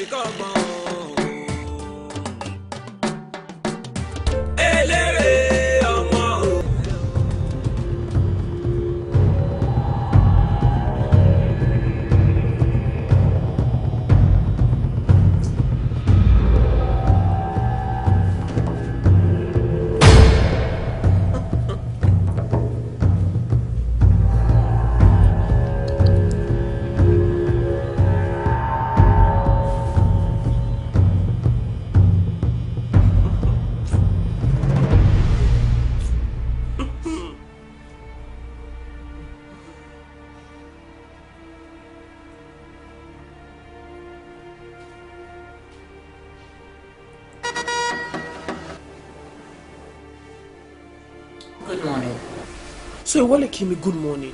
fi come. so ìwọ lè good morning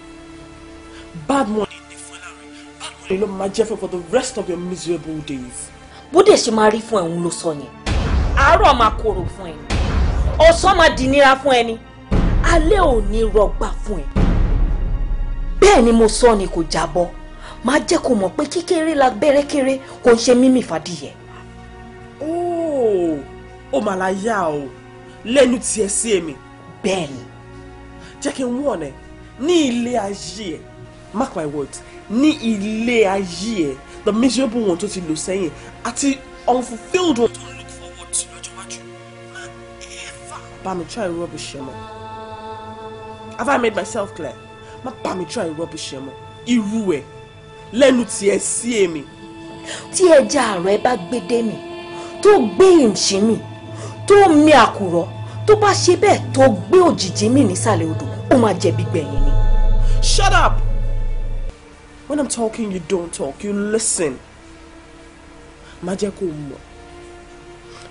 bad morning ni fọlárin bad morning ló máa jẹ́ fún for the rest of your miserable days. bó dẹ̀ ṣe máa rí fún ẹ̀hún ló sọ yẹn àárọ̀ máa korò fún ẹni ọ̀sán máa di nira fún ẹni alẹ́ ò ní rọgbà fún ẹ bẹ́ẹ̀ ni mo sọ ni kò jábọ́ máa jẹ́ kó mọ̀ pé kékeré la gbẹ́rẹ́ kéré kò ń ṣe mímì fàdíyẹ. ó ó mà láyà o lẹ́nu tiẹ̀ sí èmi. bẹ́ẹ̀ ni jẹ́ kí n wọ̀n ẹ ní ilé ayé ẹ mark my words ní ilé ayé ẹ the miserable one tó ti lò sẹ́yìn àti unfulfilled one tó ń look forward to lọ́jọ́ iwájú máa ever bá try rubbish him. have I made myself clear má bá try rubbish him. mọ́ irú ẹ lẹ́nu tiẹ̀ sí èmi. tí ẹja àrùn ẹ bá gbé dé mi tó gbé ìǹṣí mi tó mi àkùrọ̀ tó bá ṣe bẹ́ẹ̀ tó gbé òjìji mì nísàlẹ̀ odò ó máa jẹ̀bi gbẹ̀yìn ni. shut up when i'm talking you don't talk you listen má jẹ́ kó mọ̀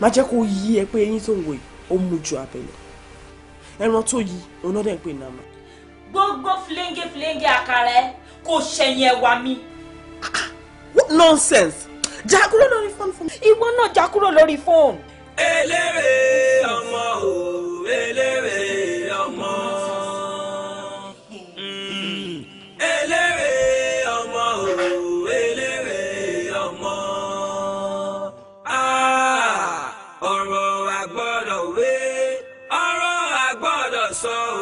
má jẹ́ kó yí ẹ pé eyín tó ń wò yìí ó mú ju abẹ́lẹ̀ ẹran tó yí òun ń pè ní àmọ́. gbogbo fìlẹ́ńgẹ́fìlẹ́ńgẹ́ àkàrà ẹ kò ṣẹ̀yìn ẹ̀wà mi. what nonsense jà kúrò lórí fóònù fún mi. ìwọ náà jà lórí fóònù eléré ọmọ o eléré ọmọ. Hmm. eléré ọmọ o eléré ọmọ. Ah, ọ̀rọ̀ àgbọ́dọ̀ wé ọ̀rọ̀ àgbọ́dọ̀ sọ o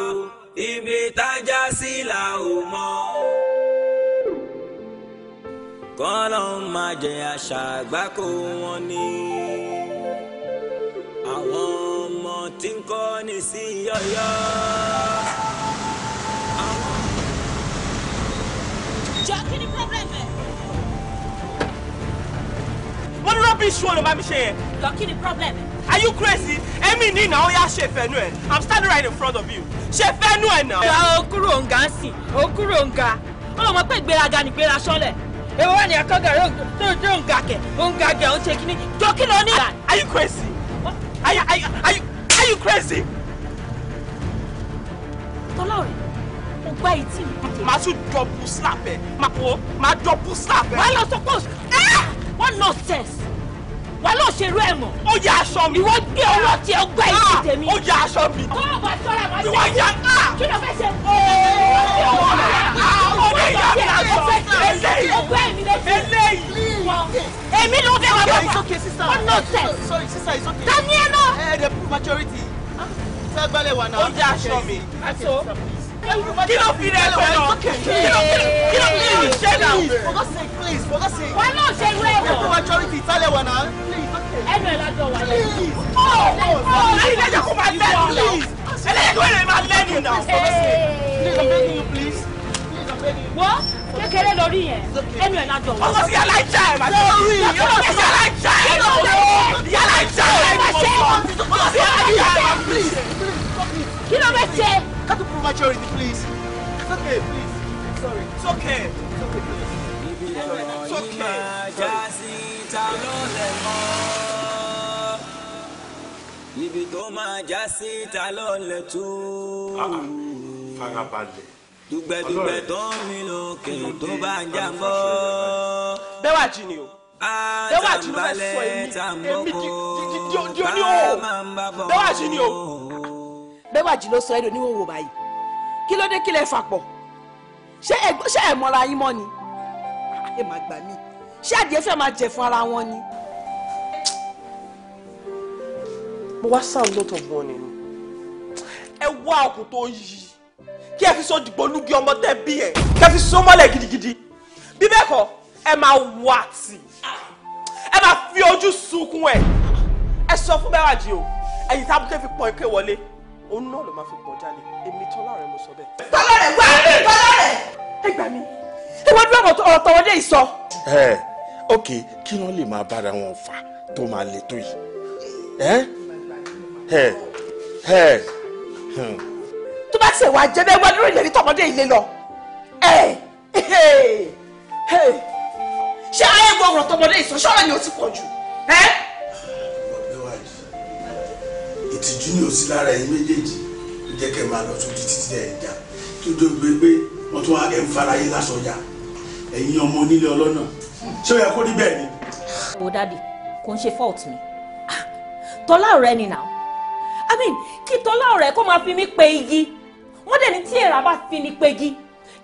ibi tájà sí là ò mọ̀ kọ́lọ́ máa jẹ àṣà àgbákò wọn ni àwọn ọmọ tí ń kọ́ ni sí yọ̀yọ̀. jọ kí ni problem ẹ. wọ́n ní rubbish wo ló bá mi ṣe yẹn. jọ kí ni problem ẹ. Are you crazy? Èmi ni na ó yá ṣe fẹnu ẹ. I'm standing right in front of you. Ṣe fẹnu ẹ na. Ìgbà okúrò ǹgà ń sìn, okúrò ǹgà. Ó lọ mọ̀ pé ìgbéraga ni ìgbéra sọ́lẹ̀. Èwo wà ní akọ́gà rẹ̀ tó ń gà kẹ̀, ó ń gà kẹ̀, ó ń ṣe kíní. Jọ́kí lọ ní. Are you crazy? Are you, are you, are you, are you crazy? Tọ́láwọ̀ mo gbá etí mi. Màá tún dọ̀bù slap ẹ̀. Màá dọ̀bù slap ẹ̀. Màá lọ sọ ah! What nonsense wà ló ṣerú ẹ̀ mọ̀. ó yà aṣọ mi. ìwọ gbé ọwọ́ tí ó gbá ìdí ah, tèmi. ó yà aṣọ mi. tó o bá sọ́ra máa ṣe. ìwọ yà á. kí ló fẹ́ ṣe. ọmọdé yà mí aṣọ ah, eléyìí. ó gbé èmi létí. eléyìí. èmi ló fẹ́ wà bàbá. it's okay sister. oh no sir. sorry sister it's okay. daniel. ẹ eh, ẹ the maturity. ṣé gbalẹ̀ wà náà. ó yà aṣọ mi. àti o kí ló fi rẹ̀ pẹ̀ lọ kí ló fi rẹ̀ ṣẹ́ náà. for God's sake please for God's sake. wà á náà ṣe irú ẹ̀ wọ̀. majority ìtàlẹ̀ wà náà. ẹnu ẹ̀ lájọ wà lẹ́yìn. ọ̀ọ́ ẹlẹ́jẹ̀ kó máa lẹ́nu náà ẹlẹ́jẹ̀ kó máa lẹ́nu náà. please I'm begging you please. wọ́n kékeré lórí yẹn ẹnu ẹ̀ lájọ wà. ọkọ sí yàrá ìjà ẹ̀ máa ṣe ọkọ sí yàrá ìjà ẹ̀ máa ṣe yàrá ìjà ẹ̀ máa ṣe ọkọ sí yàrá ẹ̀ máa ṣe kí ló fẹ́ ṣe. cut to prove maturity please it's okay please sorry it's okay it's okay please. it's okay Okay. Okay. Okay. Okay. Okay. ibi tó máa já sí ta ló lè tú. farabalẹ̀ dùgbẹ̀dùgbẹ̀ tó ń mi lókè tó bá ń jábọ́. bẹ́ẹ̀ wá jí ni o bẹ́wà tí ló fẹ́ sọ èmi èmi di di di di oní o bẹ́wà tí ni o. Bẹ́wàjì ló sọ ẹ́ lóní òwò báyìí kí ló dé kí lẹ fà pọ̀ ṣé ẹgbọ́n ṣé ẹ yín mọ́ ni ẹ má gbà mí ṣé adìẹ fẹ́ máa jẹ fún ara wọn ni. mo wá sáà lọ́tọ̀ bọ́ ni ẹ wá ọkùn tó yí kí ẹ fi so dìgbò lúgi ọmọ tẹ bí ẹ kẹ fi so mọ́lẹ̀ gidigidi bí bẹ́ẹ̀ kọ́ ẹ máa wá tì ẹ máa fi ojú sunkún ẹ ẹ sọ fún Bẹ́wàjì o ẹ̀yìn tábùkẹ́ fi pọ̀ ike wọlé òun náà ló máa fi pọ̀ jalè èmi tọ́lá rẹ̀ mo sọ bẹ́ẹ̀. tọ́lá rẹ̀ wá tọ́lá rẹ̀. ẹ gbà mí ẹ dúró ọ̀rọ̀ tọwọ́ dé ìsọ. ẹ ok kí ló lè máa bára wọn fà tó máa le tó yìí ẹ ẹ ẹ. tó bá tiẹ̀ wá jẹ́ bẹ́ẹ̀ wá lórí ìlérí tọmọdé ilé lọ ẹ ṣé ayé gbọ́ ọ̀rọ̀ tọmọdé ìsọ ṣọ́ọ̀rọ̀ ni ó ti pọ̀ jù ẹ ìtìjú ni ò lára ẹ̀yin méjèèjì ló jẹ́ máa lọ sódì títí ẹ̀ jà tó tó gbé pé tún wá ẹ̀ ń fara yín lásọjà ẹ̀yin ọmọ onílé ọlọ́nà ṣé ó yẹ kó rí ni. wo dadi kò ń ṣe fault mi ah, tọ́lá ọ̀rẹ́ ni now i mean kí tọ́lá ọ̀rẹ́ kó máa fi mí pe igi wọ́n dẹ̀ ní tí èèrà bá fi ni pe igi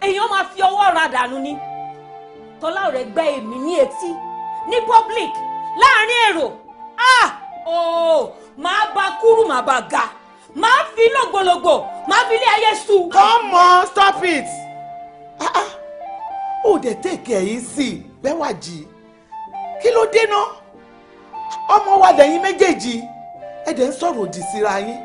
èèyàn máa fi ọwọ́ ra dànù ni tọ́lá ọ̀rẹ́ gbẹ́ èmi ní etí ní public láàárín èrò ah Oh kúrú màá bá ga màá fi lògbòlògbò màá fi ilé ayé su. come on stop it ah, ah. ó dẹ̀ tèkè ẹ̀yìn sí i Bẹ́wàjí kí ló dé náà ọmọ wa lẹ́yìn méjèèjì ẹ dẹ̀ ń sọ̀rọ̀ òdì síra yín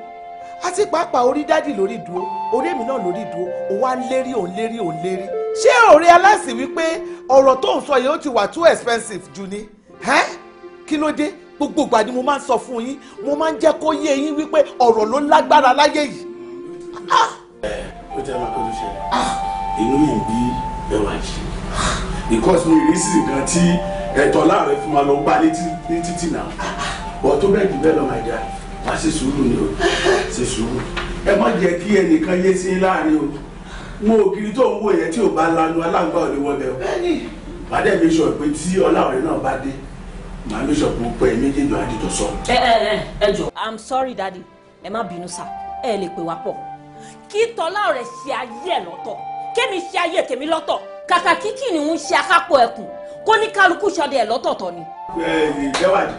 àti pàápàá orí dádì lórí dúró orí èmi náà lórí dúró ó wá ń lérí òun lérí òun lérí ṣé òrí aláìsí wípé ọ̀rọ̀ tó ń sọ yìí ó ti wà too expensive jù ni kí ló dé gbogbo ìgbà ni mo máa ń sọ fún yín mo máa ń jẹ́ kó yé yín wípé ọ̀rọ̀ ló lágbára láyé yìí. Ah! ó jẹ́ ọmọ akọ́jú ṣe ah! inú mi bí ẹwà jì because mi rí sí nǹkan tí ẹ̀tọ́ láàrin fún ma lọ gbá ní títì náà wọ́n tó bẹ́ẹ̀ jù bẹ́ẹ̀ lọ máa jà má ṣe sùúrù ni o ṣe sùúrù ẹ má jẹ́ kí ẹnìkan yé sí láàrin o mo ò kiri tó ń wò yẹn tí ò bá lanu aláǹgbá ò ní wọ́n bẹ́ẹ̀ o bàdẹ́ mi sọ pé tí ọlá ọ̀rẹ́ náà bá dé màá mi sọ pé pé méjèèjì á dìtọ̀ sọ. ẹ ẹ ẹ ẹ jọ. i'm sorry daddy ẹ má bínú sá ẹ lè pè wá pọ̀ kí tọ́lá rẹ̀ ṣe ayé ẹ̀ lọ́tọ̀ kémi ṣe ayé tèmi lọ́tọ̀ kàkà kíkì ni ń ṣe akápò ẹkùn kó ní kálukú ṣọdẹ ẹ̀ lọ́tọ̀ọ̀tọ̀ ni. ẹ ẹ jẹ́wàdì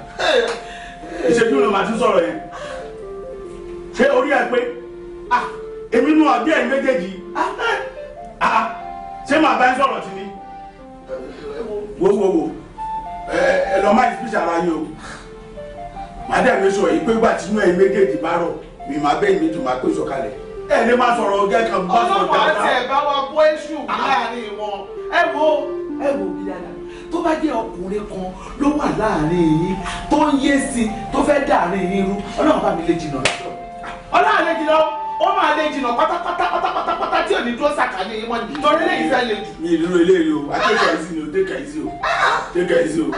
ìṣèjú ló máa tún sọ̀rọ̀ yẹn ṣé orí ẹ pé ah, èmi nù ọdẹ ẹ méjèèjì ah, ah, ṣé màá bá ń sọ̀rọ̀ tì ní. wo wo wo ẹ lọ máa ìfúnṣe ara yín o màá dẹ̀ mi sọ yìí pé ìgbà tí inú ẹ méjèèjì bá rọ̀ mi máa bẹ́ẹ̀ mi tún máa pèsè ọ̀kalẹ̀ ẹ ní máa sọ̀rọ̀ ọ̀gẹ́ kan bá sọ̀rọ̀ dáadáa. ọlọ́pàá tẹ̀ bá wa bọ́ èṣù láàrin wọn ẹ wo ẹ wo bí dáadáa tó bá jẹ́ ọkùnrin kan ló wà láàrin yín tó ń yé sí i tó fẹ́ dàárín yín rú ọlọ́run bá mi lè jìnnà lọ́sọ̀rọ̀ ọlọ́run lè jìnnà ó máa lè jìnnà pátápátá pátápátá tí ò ní dúró sàkánì yín mọ́ torí lè fẹ́ lè jù. mi ìlú eléyìí o akẹ́kọ̀ọ́ ẹ̀sìn ni o dé kàìsí o dé kàìsí o.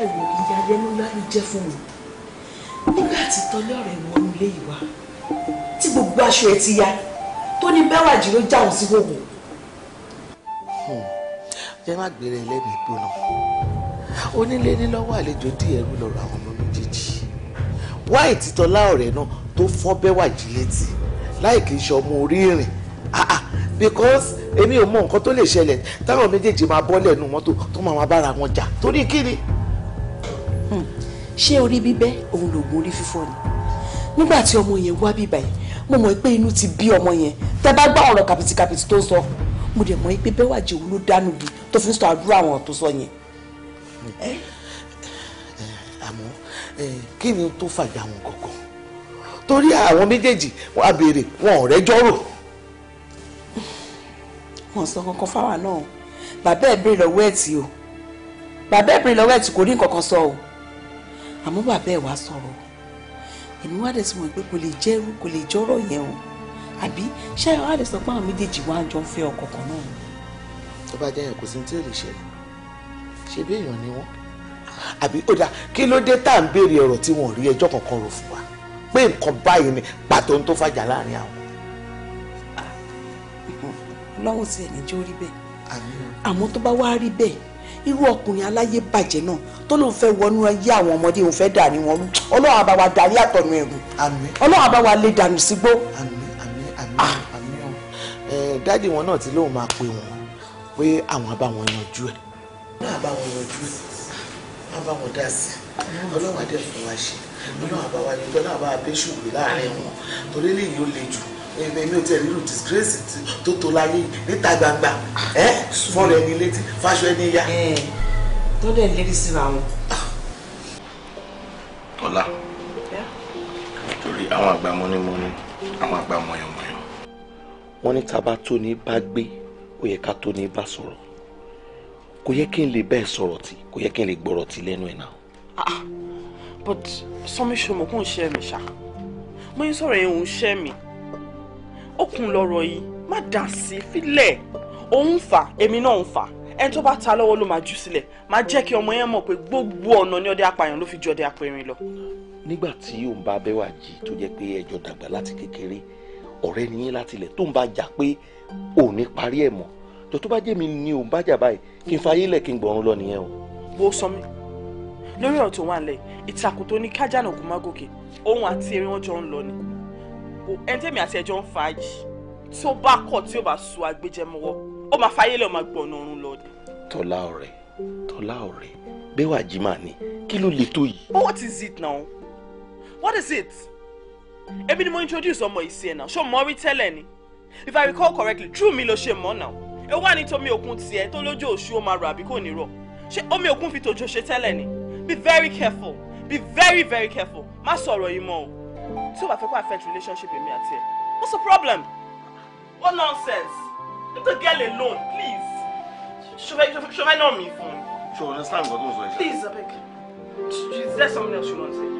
ẹ̀wọ̀n ìyá ayélujára ló jẹ́ fún mi nígbà tí tọ́lé ọ̀rẹ́ wọnú ilé ìwà tí gbogbo aṣọ ẹ ti ya tó ní bẹ́wàjì ló jáwọ́ sí gbogbo. Hmm. jẹ́ má gbére lẹ́mìí gbóná onílé ní lọ́wọ́ àlejò dí ẹrú lọ́rọ̀ àwọn ọmọ méjèèjì wá ìtìtọ́lá ọ̀rẹ́ náà tó fọ́n bẹ́wà jí létí láì kì í ṣe ọmọ orí ìrìn because èmi ò mọ nǹkan tó lè ṣẹlẹ̀ táwọn méjèèjì máa bọ́ lẹ́nu mọ́tò tó máa bára wọn jà torí kíni. Hmm. ṣé orí bíbẹ́ òun lòògùn orí fífọ́ ni nígbà tí ọmọ yẹn wá bíbá yìí mo mọ̀ pé inú ti bí ọmọ yẹn tẹ́ bá gbá ọ̀rọ̀ kàpìtìkàpìtì tó ń sọ mo dẹ̀ mọ̀ pé bẹ́wàjì òun ló dánú bí tó fi ń sọ àdúrà àwọn tó sọ yẹn ni àmọ́ kí ni tó fàjà wọn kankan torí àwọn méjèèjì wọn á béèrè wọn ò rẹ́jọ́ rò. wọn sọ kankan fáwa náà bàbá ẹ béèrè lọ́wọ́ ẹ tí o bàbá ẹ béèrè lọ́wọ́ ẹ tí kò ní kankan sọ o àmọ́ bàbá ẹ wàá sọ̀rọ̀ èmi wá dẹ̀ sọ wọn pé kò lè jẹ́rú kò lè jọ́rọ̀ yẹn o àbí ṣáà wá dẹ̀ sọ pé àwọn méjèèjì wá jọ ń fẹ́ ọkọ̀ kan náà. tó bá jẹ́ yẹn kò sí ní tí ò lè ṣẹlẹ̀ ṣe bí èèyàn ni wọ́n àbí ó dáa kí ló dé tá à ń béèrè ọ̀rọ̀ tí wọ́n rí ẹjọ́ kankan rò fún wa pé nǹkan báyìí ni pàtó ń tó fàjà láàrin àwọn. lọ́wọ́ sí ẹ̀ní jẹ́ orí bẹ́ẹ̀ àmọ́ tó bá wá rí bẹ́ẹ̀ irú ọkùnrin aláyé bàjẹ́ náà tó lóun fẹ́ wọnú ayé àwọn ọmọdé òun fẹ́ dà ní wọn ọlọ́run àbá wa darí àtọ̀nù ẹ̀rù ọlọ́run àbá wa lè dànù sígbó. dáàdì wọn náà ti lóun máa pe wọn pé àwọn àbá wọn yanjú ẹ̀ náà bá wọn yanjú á bá wọn dá sí ọlọ́run adé fún wa ṣe ọlọ́run àbá wa yanjú ọlọ́run àbá wa bẹ́ ṣùgbé láàrin wọn torí eléyìí ó le jù èmi ò tẹ̀ nínú disgrace tó tó láyé níta gbangba ẹ fọ́ọ̀rọ̀ ẹni létí fáṣọ ẹni yá. tó dẹ̀ lérí síra wọn. ọ̀la torí àwọn àgbà mọ́nímọ́ní àwọn àgbà mọ̀yànmọ́yàn wọ́n ní tá a bá tó ní bá gbé ó yẹ ká tó bá sọ̀rọ̀ kò yẹ kí n lè bẹ́ẹ̀ sọ̀rọ̀ tí kò yẹ kí n lè gbọ́rọ̀ tí lẹ́nu ẹ̀ náà. ah, ah. but sọmi ṣomọ kò ń ṣe mi ṣá mo yín sọ̀rọ̀ yẹn òun ṣẹ́ mi okùn lọ̀rọ̀ yìí má dà sí fílẹ̀ òun fà èmi náà ń fà ẹni tó bá ta lọ́wọ́ ló máa jù sílẹ̀ máa jẹ́ kí ọmọ yẹn mọ̀ pé gbogbo ọ̀nà ni ọdẹ apààyàn ló fi ju ọdẹ apẹ̀rin lọ. nígbà tí òun bá bẹ́wà jí tó jẹ́ pé ẹjọ́ dàgbà láti kékeré ọ̀rẹ́ ni yín tó ń bá jà pé òun ní parí ẹ̀ mọ́ tó tó bá jẹ́ mi ni ò bájà báyìí kí n fa lẹ̀ kí n gbọ̀run lọ nìyẹn o. wo sọ mi lórí ọ̀rọ̀ tó wà lẹ̀ ìtàkùn tó ní kájà náà kò má gòkè òun àti eré wọn jọ ń lọ ni ẹni tẹ́mi àti ẹjọ́ ń fa ayì tí ó bá kọ̀ tí ó bá so agbẹjẹmọwọ́ ó máa fa lẹ̀ ó máa gbọ̀nà ọ̀run lọ ni. tọ́lá ọ̀rẹ́ tọ́lá ọ̀rẹ́ bẹ́wà jimá ni kí ló le tó yìí. but what is it now what is it èmi ni mo introduce ọmọ ìsìn ẹ̀ náà ṣó mọ́ rí tẹ́lẹ̀ ni if i recall correctly true mi ló ṣe mọ́ náà ẹ wá ní tomi òkun tiẹ̀ tó lójú òṣù ó máa rọ àbí kò ní rọ ṣé omi òkun fi tòjò ṣe tẹ́lẹ̀ ni be very careful be very very careful má sọ̀rọ̀ yìí mọ́ o tí o bá fẹ́ kó affect relationship èmi àti ẹ̀ what's the problem what nonsense Let the girl alone please ṣọfẹ́ náà mi fún un. ṣe o understand nǹkan tó ń sọ yìí. please abeg there is something else you wan say.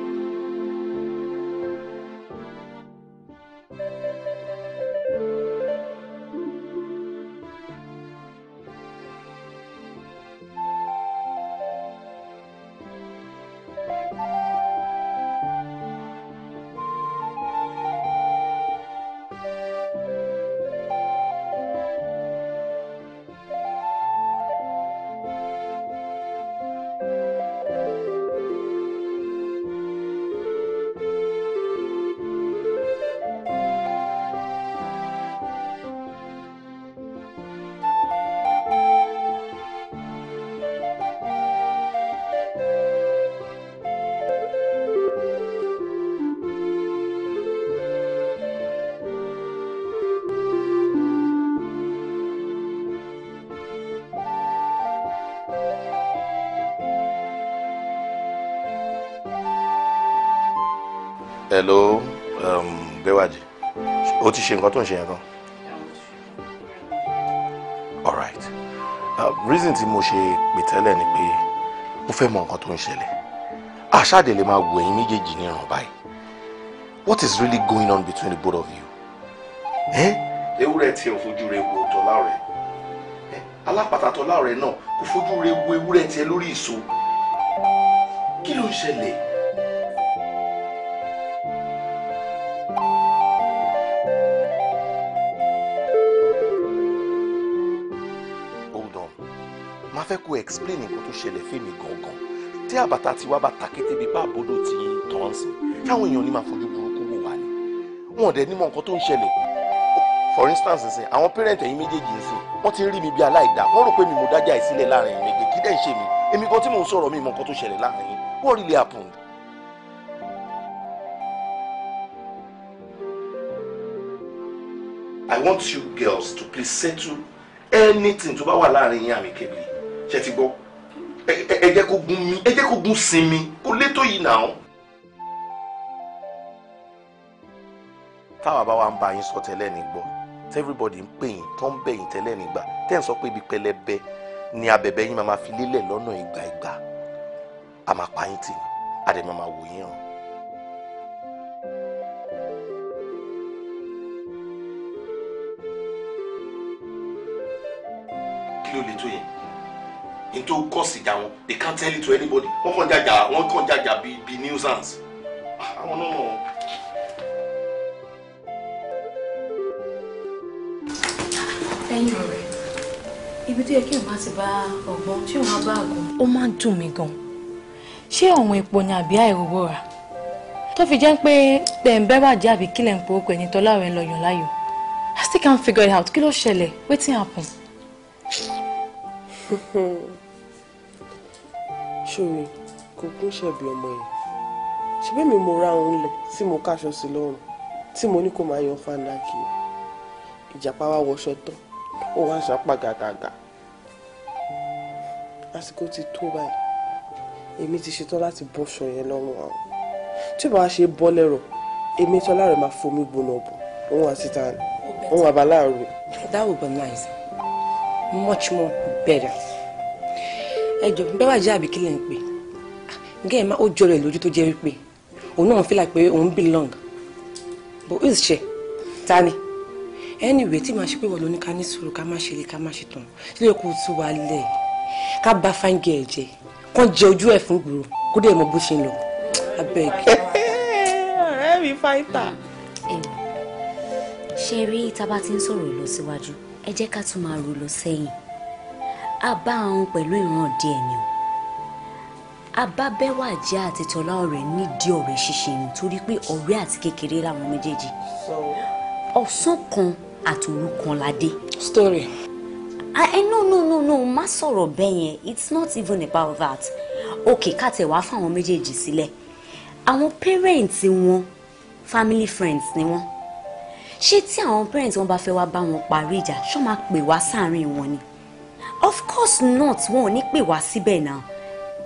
hello um, Bẹ́wàjì o ti ṣe nǹkan tó ń ṣe yẹn kan alright uh, reason tí mo ṣe pè tẹ́lẹ̀ ni pé mo fẹ́ mọ nǹkan tó ń ṣẹlẹ̀ àṣàdé lè máa what is really going on between the both of you. ewúrẹ́ tí ò fojú rẹ̀ wo tọ́lá rẹ̀ alápàtà tọ́lá rẹ̀ náà kò fojú rẹ̀ wo ewúrẹ́ tiẹ̀ lórí ìṣó kí ló ń ṣẹlẹ̀. explain nǹkan tó ṣẹlẹ̀ fèmí gangan tí àbàtà tiwa bá ta kété bíi bá àbódò ti tàn sí táwọn èèyàn ní máa fojú burúkú wò wá ni wọn ò dẹ̀ nímọ̀ nǹkan tó ń ṣẹlẹ̀ for instance nsìn àwọn parent ẹ̀yin méjèèjì nsìn wọ́n ti rí mi bí aláìda wọ́n rò pé mi mo dájà ìsílẹ̀ láàrin ẹ̀yin méjèèjì kí dẹ̀ ń ṣe mi èmi kan tí mò ń sọ̀rọ̀ mi mọ̀ nǹkan tó ṣẹlẹ̀ láàrin yín what really happened. I want you girls to please settle anything tó bá wà láàrin yín amicably ṣe ti gbọ́ ẹ jẹ́ kó gun mi ẹ jẹ́ kó gun sinmi kó létò yìí nà án. táwa bá wa ń bá yín sọ tẹ́lẹ̀ ní tí everybody ń pè yín tó ń bẹ̀ yín tẹ́lẹ̀ nígbà tẹ́ ń sọ pé ibi pẹlẹbẹ ni abẹ̀bẹ̀ yín máa fi lélẹ̀ lọ́nà ìgbà ìgbà a máa pa yín tì ní àdèmí máa wò yín hàn. kí ló lè tó yẹn n tó kọ́ wọn they can't tell it to anybody wọ́n kàn jàjà wọ́n kàn jàjà bíi bíi nuisance ah, àwọn náà mọ̀. ẹ̀yin ọ̀rẹ́ ibi tó yẹ kí n bá ti bá ọgbọ́n tí òun bá àgọ́. ó máa ń dùn mí gan ṣé ọ̀hún epo ni àbí àìrówó rà tó fi jẹ́ pé tẹ̀m̀bẹ́ bàjẹ́ àbí kílẹ̀ ń pòókò ẹni tọ́lá rẹ̀ lọ yàn láàyò I still can't figure it out kí ló ṣẹlẹ̀ wetin happen. ṣòre kò kún ṣẹ̀bi ọmọ yìí ṣebí mi mo ra òun lẹ̀ tí mo káṣọ sí lọ́rùn tí mo ní kó máa yan fanda kiri ìjàpá wa wọṣọ tán ó wá ṣàpá gàgàgà àsìkò ti tó báyìí èmi ti ṣetán láti bọ́ṣọ yẹn lọ́rùn àwọn tí bàá ṣe bọ́ lẹ́rọ̀ èmi tọ́lá rẹ̀ máa fomi gbóná bọ̀ òun àti ta òun àbáláàrẹ̀. that would be nice much more better ẹ jọ bẹ́ẹ̀ wá àbí kí ń pè gẹ́ẹ̀ má ó jọrọ lójú tó jẹ́ wípé òun náà feel like pé òun belong but who is she ta ni anyway tí màá ṣe pé wọ́n lóní ká ní sùúrù ká má ṣe lè ká má ṣe tán sílẹ̀ kó tú wa lẹ̀ ká bá fáńgẹ̀ ẹ̀ jẹ kán jẹ ojú ẹ̀ fún gbòòrò kó dẹ̀ mọ bó ṣe ń lọ abeg. ọ̀rẹ́ mi fáìtà. ṣe rí ìta bá ti ń sọ̀rọ̀ lọ síwájú ẹ jẹ́ ká tún máa rò lọ sẹ́yìn a bá ahun pẹ̀lú ìran díẹ̀ ni o a jẹ́ àti ọ̀rẹ́ nídìí ọ̀rẹ́ ṣíṣe ni torí pé ọ̀rẹ́ àti kékeré làwọn méjèèjì ọ̀sán kan àtòru kan la story. ah no no no no má sọ̀rọ̀ bẹ́ẹ̀ yẹn it's not even about that okay ká tẹ̀ wá fáwọn méjèèjì sílẹ̀ àwọn parents wọn family friends ni wọn ṣé tí àwọn parents wọn bá fẹ́ wá bá wọn parí ìjà ṣọ́ máa pè wá sáàárín wọn ni of course not wọn ò ní pè wá síbẹ̀ náà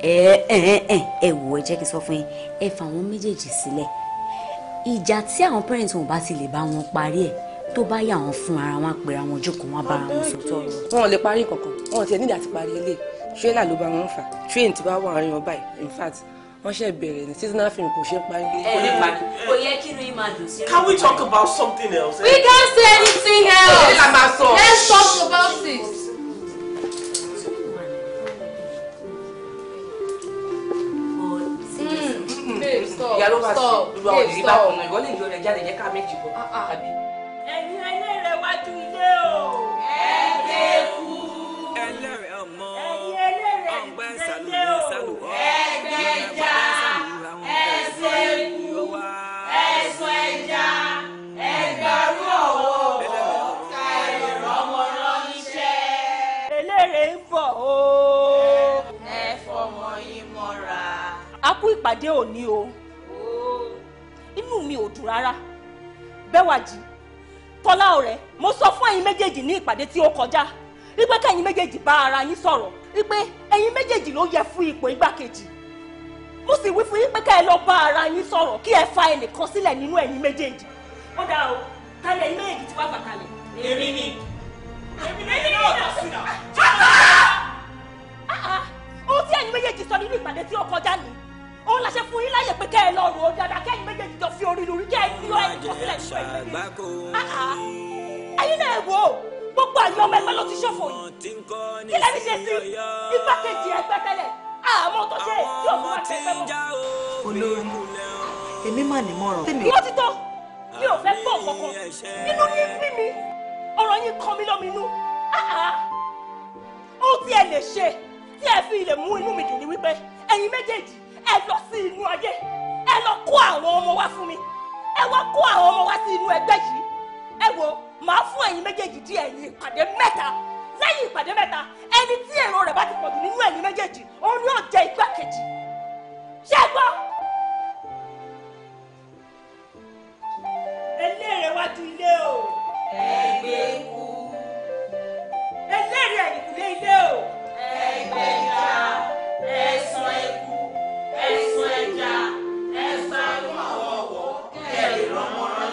ẹ ẹ ẹ ẹ wò ẹ jẹ́ kí n sọ fún yín ẹ fà wọn méjèèjì sílẹ̀ ìjà tí àwọn parents wọn bá ti lè bá wọn parí ẹ̀ tó bá yà wọn fún ara wọn pera wọn jókòó wọn bára wọn sọ̀tọ̀ ọ̀rọ̀. wọn ò lè parí kankan wọn ò tiẹ̀ nídìí àti parí ilé tírélà ló bá wọn fà train ti bá wà àárín wọn in fact wọn ṣe bẹ̀rẹ̀ ní seasonal film kò ṣe parí. ẹ ní parí kò yẹ kí inú yín máa dùn sí. can we talk about something else. we can't say anything else. let's talk about it. ìyá ló bá sí ìlú àwọn ìrírí bá kùnà ìwọ lè yọ ah, ah. rẹ jáde jẹ méjì bọ. ẹ̀yin ẹlẹ́rẹ̀ wájú ilé o. ẹ lè kú. ẹlẹ́rẹ̀ ọmọ ọgbẹ́ sàlùmí sàlùmọ́. ẹgbẹ́jà ẹsẹ̀ ikú ẹ̀sùn ẹja ẹgbẹ̀rún ọ̀wọ́ káyọ̀ lọ́mọ ránṣẹ́. ẹlẹ́rẹ̀ ń bọ̀ o. ẹ fọmọ yín mọ́ra. a kú ìpàdé òní o inú mi ò dùn rárá Bẹ́wàjí Tọ́lá ọ̀rẹ́ mo sọ fún ẹ̀yin méjèèjì ní ìpàdé tí ó kọjá wípé kẹ́yin méjèèjì bá ara yín sọ̀rọ̀ wípé ẹ̀yin méjèèjì ló yẹ fún ipò igbákejì mo sì wí fún yín pé kẹ́ ẹ lọ bá ara yín sọ̀rọ̀ kí ẹ fa ẹnìkan sílẹ̀ nínú ẹ̀yin méjèèjì ó dáa o kálẹ̀ ẹ̀yin méjèèjì ti wá gbàkalẹ̀. èmi ni èmi ni yóò tọ́ sí náà. Ah, ah. ohun tí ẹ̀yin méjèèjì sọ nínú ìpàdé tí ó kọjá nìyí òun la ṣe fún yín láyè pé kẹ́ ẹ lọ rò ó dáadáa kẹ́yìn méjèèjì jọ fi orí lórí kẹ́ ẹ yọ ẹ jọ sílẹ̀ nínú ẹ méjèèjì. Ah, ah. ẹ̀yin náà wò ó gbogbo àyè ọmọ ẹgbẹ́ ló ti ṣòfò yìí kí lẹ́ni ṣe sí igbákejì ẹgbẹ́ tẹ́lẹ̀ àmọ́ ah, tó ṣe tí òun bá fẹ́ fẹ́ mọ́. olórí èmi mà ní mọ̀ràn. ìwọ ti tọ́ mi ò fẹ́ gbọ́ kankan inú yín bí mi ọ̀rọ̀ yín kan mi lóminú ohun tí ẹ lè ṣe tí ẹ fi lè mú inú mi dùn ni wípé ẹ̀yin méjèèjì ẹ lọ sí inú ayé ẹ lọ kó àwọn ọmọ wá fún mi ẹ wá kó àwọn ọmọ wá sí inú ẹgbẹ́ yìí ẹ wo màá fún ẹ̀yin méjèèjì dí ẹ̀yìn ìpàdé mẹ́ta lẹ́yìn ìpàdé mẹ́ta ẹni tí èrò rẹ̀ bá ti pọ̀jù nínú ẹ̀yin méjèèjì òun yóò jẹ igbákejì ṣé gbọ́. eléèrè wájú ilé o. ẹgbẹ́ kú. eléèrè ẹ̀yìnkùlé ilé o. ẹgbẹ́ ìjà ẹ̀sán ẹ̀kú ẹ̀sùn ẹja ẹ̀sùn àwọn ọ̀wọ́ kẹ̀rì rọmọrán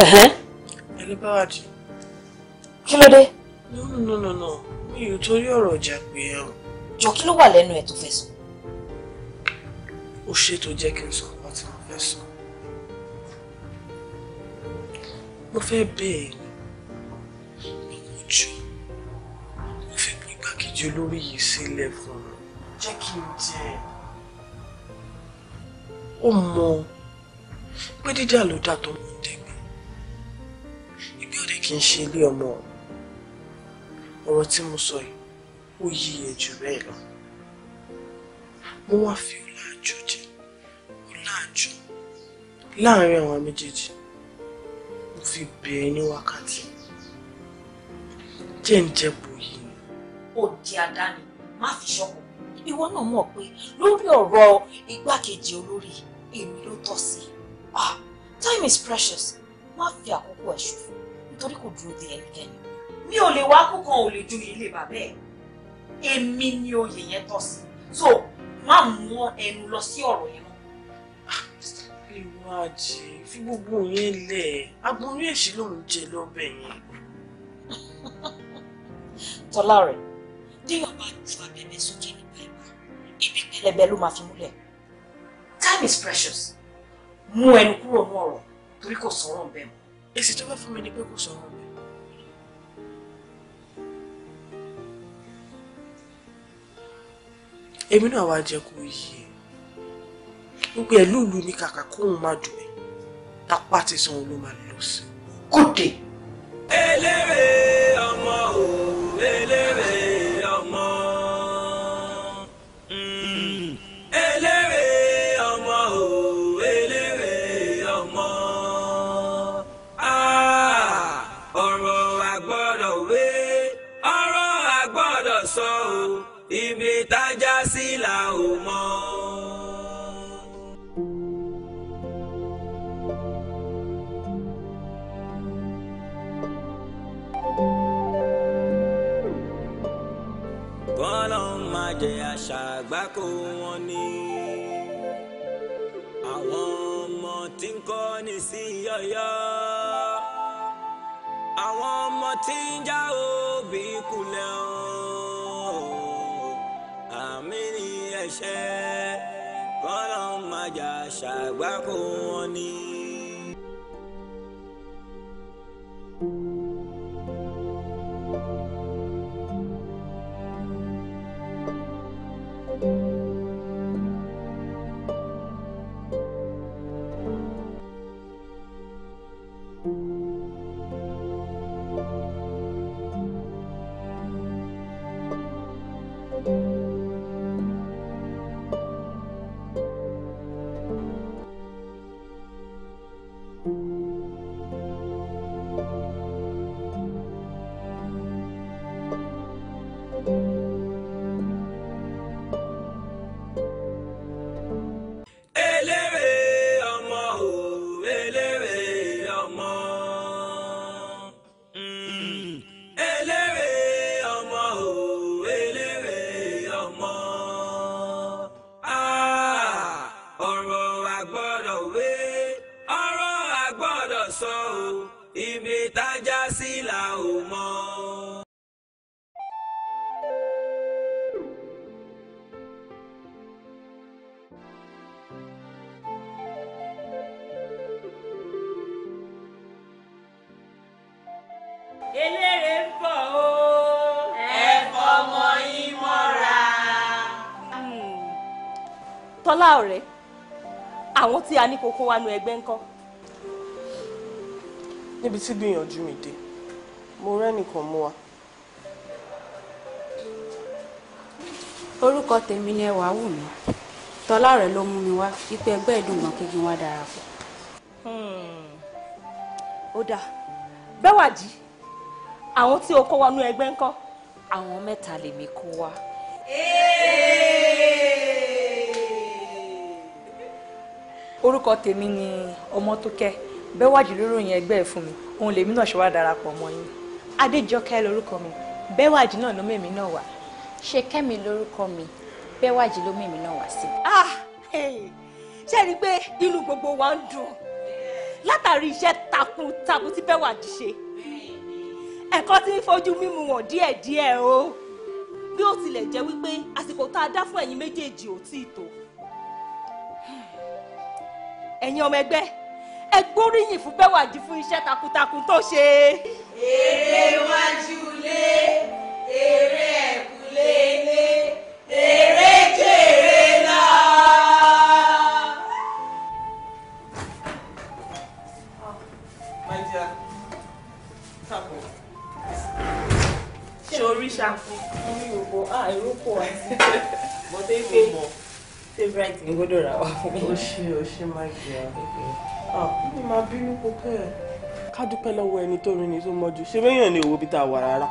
pẹ̀lú báwájú. kí ló dé. no no no no mi ò torí ọ̀rọ̀ ọjà pé ẹ o. jọ kí ló wà lẹ́nu ẹ̀ tó fẹ́ sọ. ó ṣètò jẹ́ kí n sọ nǹkan tí mo fẹ́ sọ. mo fẹ́ bẹ́ẹ̀ lọ́wọ́ jù mo fẹ́ mú igbákejì olórí yìí sílẹ̀ fún un jẹ́ kí n jẹ́ ẹ̀ ó mọ pé dídà ló dà tó mọ kì í ṣe ilé ọmọ ọ̀rọ̀ tí mo sọ yìí ó yí iye jù bẹ́ẹ̀ lọ mo wá fi ọ̀làjú jẹ ọ̀làjú láàrin àwọn méjèèjì mo fi bẹ̀ẹ́ ní wákàtí jẹ́ ń jẹ́ bòyí ni. ó di àdáni má fi ṣọkọ ìwọ náà mọ̀ pé lórí ọ̀rọ̀ igbákejì olórí èmi ló tọ́ sí ah, time is precious má fi àkókò ẹ̀ ṣòfò torí kò dúró de ẹnikẹ́ni mi ò lè wá kúkan ò lè ju ilé bàbá ẹ̀ èmi ni oyè yẹn tọ́ sí so má mú ẹnu lọ sí ọ̀rọ̀ yẹn mọ́. ìwádìí ah, fi gbogbo yẹn lẹ̀ agbórí èsì lòún jẹ lọ́bẹ̀ yẹn. tọ́lá rẹ̀ téèyàn bá ju abẹ́bẹ́ sókè nípa ẹ̀bà ibi pẹlẹbẹ ló máa fi múlẹ̀ time is precious mú ẹnu kúrò mú ọ̀rọ̀ torí kò sọ̀rọ̀ ń mọ́ èsì tó fẹ́ fún mi ni pé kò sọ̀rọ̀ mi. èmi náà wá jẹ́ kó yí e. gbogbo ẹ̀ lùlù ní kàkà kóun má dùn mí tápá ti san òun máa lọ sí. kóde. eléré ọmọ òun eléré. tá ò mọ̀. bọ́lọ́hún máa jẹ àṣà àgbákò wọn ni àwọn ọmọ tí ń kọ́ ni sí yọ̀yọ̀ àwọn ọmọ tí ń já òbí kulẹ̀ ọ̀hún. ṣe kọ́lọ́ máa jà ṣàgbákò wọn ni. kó wá nu ẹgbẹ́ ńkọ́. níbi tí gbìyànjú mi dé mo rẹ́nìkan mú wa. orúkọ tèmi ni ẹwà wù mí tọ́lá rẹ̀ ló mú mi wá ipe ẹgbẹ́ ìdùnnà kí n wá darapọ̀. Hmm. ó dáa bẹ́wàjì àwọn tí o kó wọnú ẹgbẹ́ ńkọ́. àwọn mẹ́ta lèmi kó wá. Hey! orúkọ tèmi ni ọmọtókẹ́ bẹ́wàjì lóròyìn ẹgbẹ́ ẹ̀ fún mi òun lèmi náà ṣe wá darapọ̀ mọ́ yín adéjọkẹ́ lórúkọ mi bẹ́wàjì náà ló mèmí náà wá ṣe kẹ́mi lórúkọ mi bẹ́wàjì ló mèmí náà wá sí. Ah, ṣé rí i pé inú gbogbo wa ń dùn látàrí iṣẹ́ takuntakun tí bẹ́wàjì ṣe ẹ̀kọ́ tí ń fojú mímu wọn díẹ̀díẹ̀ o bí ó tilẹ̀ jẹ́ wípé àsìkò tá a dá fún ẹ̀yin méjèèjì ò tí ì tó ẹ̀yin ọmọ ẹgbẹ́ ẹ gbóríyìn fún Bẹ́wàjí fún iṣẹ́ takuntakun tó ṣe. èrè iwájú lé èrè ẹ̀kúlé lé èrè jèrè lọ. my dear tapo ṣe orí ṣàkóso orí òbò àìrókò àti bọ́tẹ́ ìfẹ́ favourite ní gbọ́dọ̀ rà wá fún mi. o ṣe o ṣe má jẹ ọ mi máa bínú kó kẹ́ ẹ̀. ká dúpẹ́ lọ́wọ́ ẹni rin ni tó mọ́jú ṣé bẹ́yàn ni òwò bíi tá a wà rárá.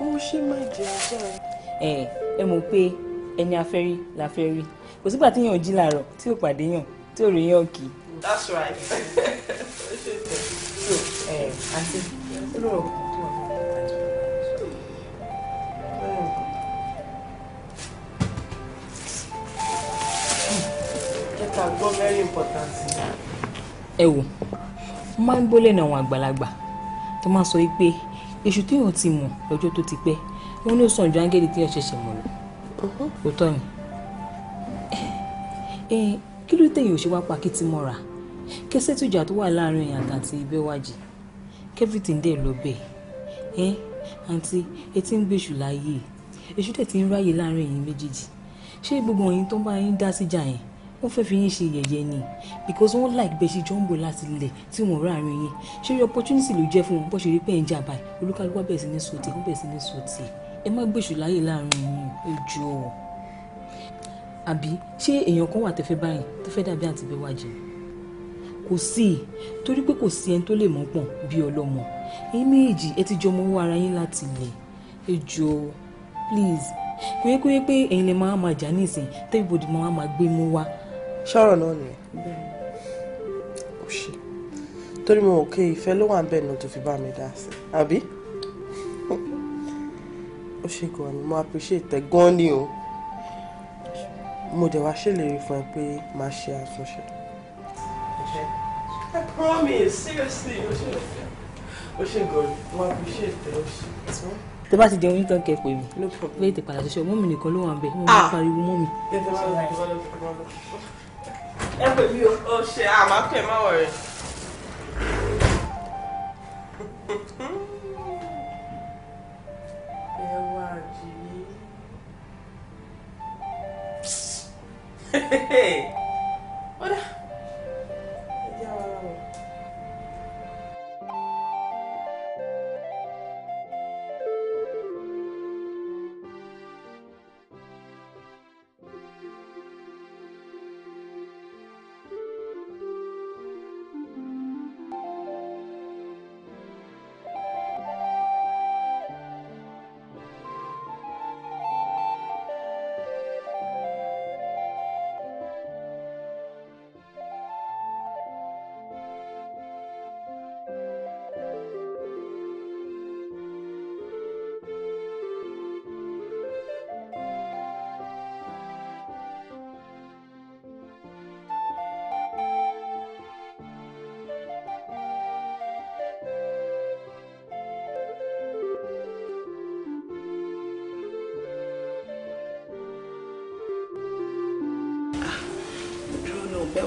o ṣe má jẹ ọjọ́ rẹ. ẹ ẹ mọ̀ pé ẹni la fẹ́ rí kò sígbà tí yàn jí làárọ̀ tí ò pàdé yàn tí ò rí yàn kì that's right. so ẹ àti olóòkú. ta gbọ́ very important. ẹ wò mo máa ń gbọ́ lẹ́nu àwọn àgbàlagbà tó máa sọ pé èṣù téèyàn ti mọ̀ lọ́jọ́ tó ti pẹ́ wọ́n ní ó sàn ju áńgẹ́lì téèyàn ṣẹ̀ṣẹ̀ mọ̀ lọ uh-huh. òótọ́ ni kí ló téèyàn ò ṣe wá pa kí ti mọ́ra kẹsẹ́ tìjà tó wà láàrin èèyàn àti ìbẹ́wájì kẹ́fìtì ń dẹ̀ lọ bẹ́ẹ̀ àǹtí etí ń gbèṣù láàyè èṣù tẹ̀ ti ń ráyè láàrin èèyàn méjèèjì ṣé gbogbo òyìn tó ń bá yín dá síjà yẹn wọ́n fẹ́ fi yín ṣe yẹ̀yẹ́ ni because wọ́n like bẹ́ẹ̀ ṣe jọ ń bọ̀ láti ilẹ̀ tí wọ́n ráàrin yín ṣé yọ opportunity ló jẹ́ fún wọn bó ṣe rí pé ẹ̀ ń jà báyìí olúkálùkù bẹ̀rẹ̀ sí ní sòtì ó bẹ̀rẹ̀ sí ní sòtì ẹ má gbèsù láyè láàrin yín ẹ jọ àbí ṣé èèyàn kan wà tẹ́fẹ́ báyìí tẹ́fẹ́ dàbí àti bẹ́ẹ̀ wájú kò sí torí pé kò sí ẹni tó lè mọ́ pọ̀n bí ọlọ́mọ ẹ̀yin méjì ẹ ti jọ mọ owó ara yín láti ilẹ̀ ẹ jọ please kò yẹ kó yẹ pé ẹ̀yin lè máa máa jà nísìn everybody máa máa gbé mú wá ṣọ́rọ̀ náà nìyẹn. ò ṣe torí mo mọ̀ ìfẹ́ ló wà ń bẹ̀ tó fi bá mi dá sí àbí ó ṣe gan ni mo appreciate gan ni o mo dẹ̀ wá ṣèlérí fún ẹ pé máa ṣe àtúnṣe. I promise seriously o ṣe o ṣe gan mo appreciate ẹ o ṣe. tó bá ti jẹun yín tán kẹ pé mi lóye tètè padà ṣoṣo mọ́mì nìkan ló wà ń bẹ̀ mo pariwo mọ́mì ẹ pè mí o ṣe àmà pè má wọ̀rẹ́. ẹ wá jí. ó dá Ah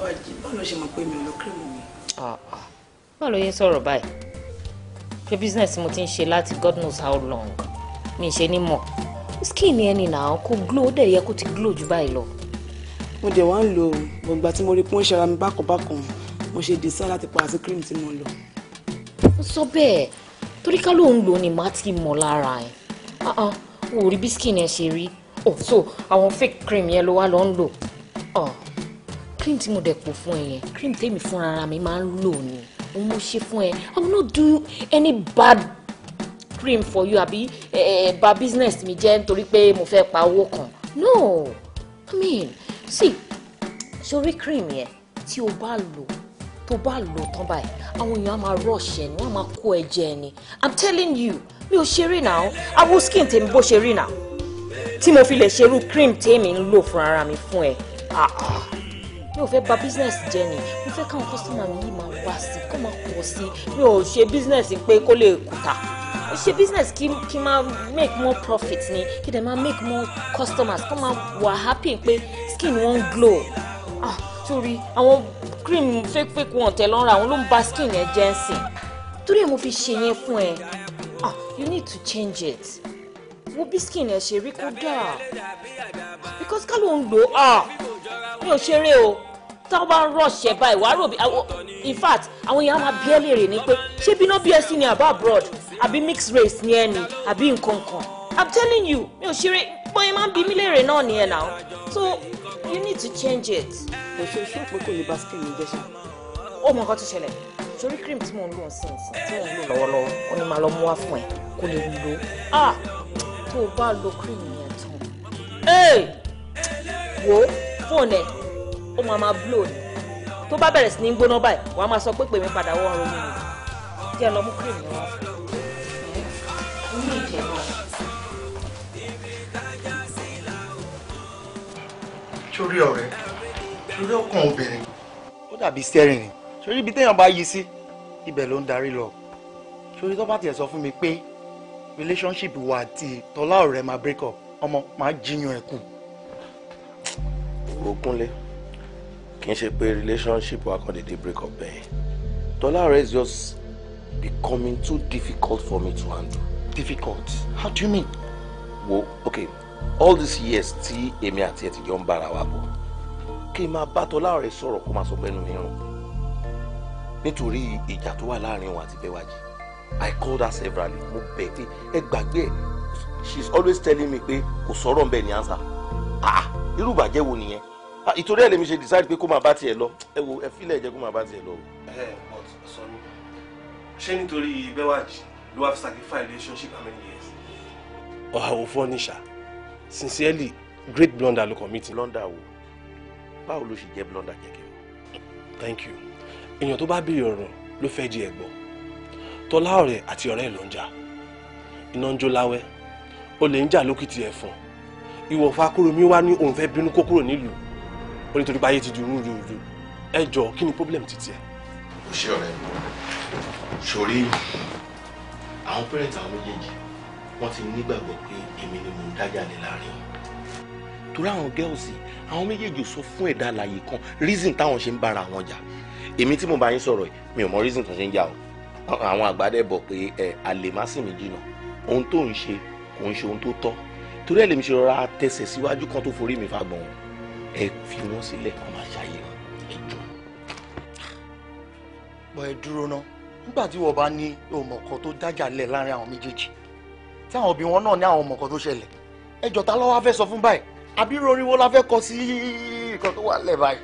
báwo ló ṣe mọ̀ pé mi ah, ah. yẹ sọ̀rọ̀ báyìí pé business mo ti ń ṣe láti God knows how long mi ṣe ní mọ̀ skin ẹni náà kò glow ó dẹ̀ yẹ kó ti glow jù báyìí lọ. mo dẹ̀ wá ń lo gbọ̀ngbà tí mo rí pé ó ń ṣe ara mi bákanbákan mo ṣe decide láti pa àti cream tí mo lò. ó sọ bẹ́ẹ̀ torí ká ló ń lò ní má ti mọ̀ lára ẹ̀ ah, ò rí bí skin ẹ̀ ṣe rí oh so àwọn fake cream yẹn ló wá lọ ń lò. Oh cream tí mo dẹ̀ pò fún ẹ yẹn cream tèmi fúnra mi máa ń lò ni òun mo ṣe fún ẹ i will not do any bad cream for you àbí eh, ba business mi jẹ́ nítorí pé mo fẹ́ pa owó kan no i mean see sórí cream yẹn tí o bá lò tó bá lò tán báyìí àwọn èèyàn á máa rush ẹ ni wọ́n á máa kó ẹ ẹ ni i'm telling you mi ò ṣeré náà awo skin tèmi bó ṣe rí náà tí mo fi lè ṣerú cream tèmi ń lò fún ara mi fún ẹ. Ah, ah mi ò fẹ́ bà business jẹ́ ni mo fẹ́ káwọn customer mi yìí máa wá sí kó máa pọ̀ sí mi ò ṣe business pé kó lè kùtà mo ṣe business kí kí máa make more profit ni kí dẹ̀ máa make more customers kó máa wà happy pé skin wọn glow ah torí àwọn cream fake fake wọn tẹ̀ lọ́ra àwọn ló ń bà skin ẹ̀ jẹ́ ń sìn torí ẹ̀ mo fi ṣe yẹn fún ẹ ah you need to change it wo bí skin ẹ̀ ṣe rí kó dáa because ká ló ń lò ah mi ò ṣeré o táwọn bá ń rọ̀ṣẹ̀ báyìí wàá rò bí in fact àwọn èèyàn á máa bí ẹ léèrè ni pé ṣé bíná bí ẹ sí ni àbá abroad àbí mixed race ni ẹ ni àbí nǹkan kan i'm telling you mi ò ṣeré bóyá máa ń bí mi léèrè náà ni ẹ náà so you need to change it. mo ṣe iṣẹ́ pé kò ní basket mi jẹ́ sọ. ó mọ nǹkan tó ṣẹlẹ̀ torí cream tí mò ń lò ń sìn sìn tí mò ń lò lọ́wọ́lọ́wọ́ ó ní máa lọ mú wá fún ẹ kó lè lo ah tó o bá lo cream yẹn tán. wo fóònù ẹ ó máa máa blow ni tó bá bẹ̀rẹ̀ sí ní gbóná báyìí wàá máa sọ pé pèmí padà wọ́n ń ronú ni díẹ̀ lọ mú cream yẹn wá fún un ní ìjẹ̀bọ̀. sórí ọ̀rẹ́ sórí ọkàn obìnrin. ó dàbí steering ni sórí ibi téèyàn bá yí sí ibẹ̀ ló ń darí lọ sórí tó bá tiẹ̀ sọ fún mi pé relationship wa àti tọ́lá ọ̀rẹ́ máa break up ọmọ máa jiyàn ẹ̀ kù okunle kì í ṣe pé relationship wa kàn dédé break up bẹ́ẹ̀ Tọ́lárẹ̀ is just becoming too difficult for me to handle. difficult how do you mean. wo okay all these years tí èmi àti ẹ ti jọ ń bára wa bọ̀ kí n máa bá Tọ́lárẹ̀ sọ̀rọ̀ kó máa sọ pé ẹnu mi rùn nítorí ìjà tó wà láàrin òun àti Bẹ́wàjì I called her severally mo bẹ̀ ẹ́ pé ẹ gbàgbé she is always telling me pé kò sọ̀rọ̀ ń bẹ̀ answer irú ìbàjẹ́ wo nìyẹn ìtorí ẹ̀ lèmi ṣe decide pé kó máa bá tiẹ̀ lọ ẹ wo ẹ fílẹ̀ jẹ́ kó máa bá tiẹ̀ lọ. ẹ but sọnù ṣé nítorí bẹ́wàjì ló wá fi sacrifice relationship how many years. ọ̀hàwòfọ́ ní ṣá sincerely great blunder ló commit. blunder wo báwo ló ṣe jẹ́ blunder kẹ̀kẹ́ o. thank you èèyàn tó bá béèrè ọ̀rọ̀ ló fẹ́ di ẹ̀gbọ́n tọ́lá ọ̀rẹ́ àti ọ̀rẹ́ ló ń jà iná ń jó láwẹ́ olè ń jà lókìtì ẹ̀fọn ìwọ Fakoromi wá ní òun fẹ́ bínú kó kúrò nílùú ó nítorí báyé ti di rúdurùdu ẹ jọ kí ni problem ti tiẹ̀. ó ṣe ọ̀rẹ́ sórí àwọn pẹ́rẹ́ǹtì àwọn méjèèjì wọ́n ti nígbàgbọ́ pé èmi ni mò ń dájà lé láàrin wọn torí àwọn girls àwọn méjèèjì sọ fún ẹ̀dá àlàyé kan reason táwọn ṣe ń bára wọn jà èmi tí mo bá yín sọ̀rọ̀ mi ò mọ reason tó ṣe ń jà o àwọn àgbàdẹ bọ̀ pé ẹ àlè má sì mí jìnnà ohun tó ń ṣe kò ń ṣe ohun tó tọ́ torí ẹ̀ lèmi ṣe rọra tẹsẹ̀ síwájú kan tó forí mi fagbọ̀n ẹ fi wọn sílẹ̀ kó máa ṣàyè wọn ẹ jọ. bọ́ ẹ dúró ná nígbà tí wọ́n bá ní òmọ̀kọ tó dájà lẹ̀ láàrin àwọn méjèèjì tí àwọn òbí wọn náà ní àwọn òmọ̀kọ tó ṣẹlẹ̀ ẹ jọ ta ló wá fẹ́ sọ fún báyìí àbí rorí wo la fẹ́ kọ sí nǹkan tó wà lẹ̀ báyìí.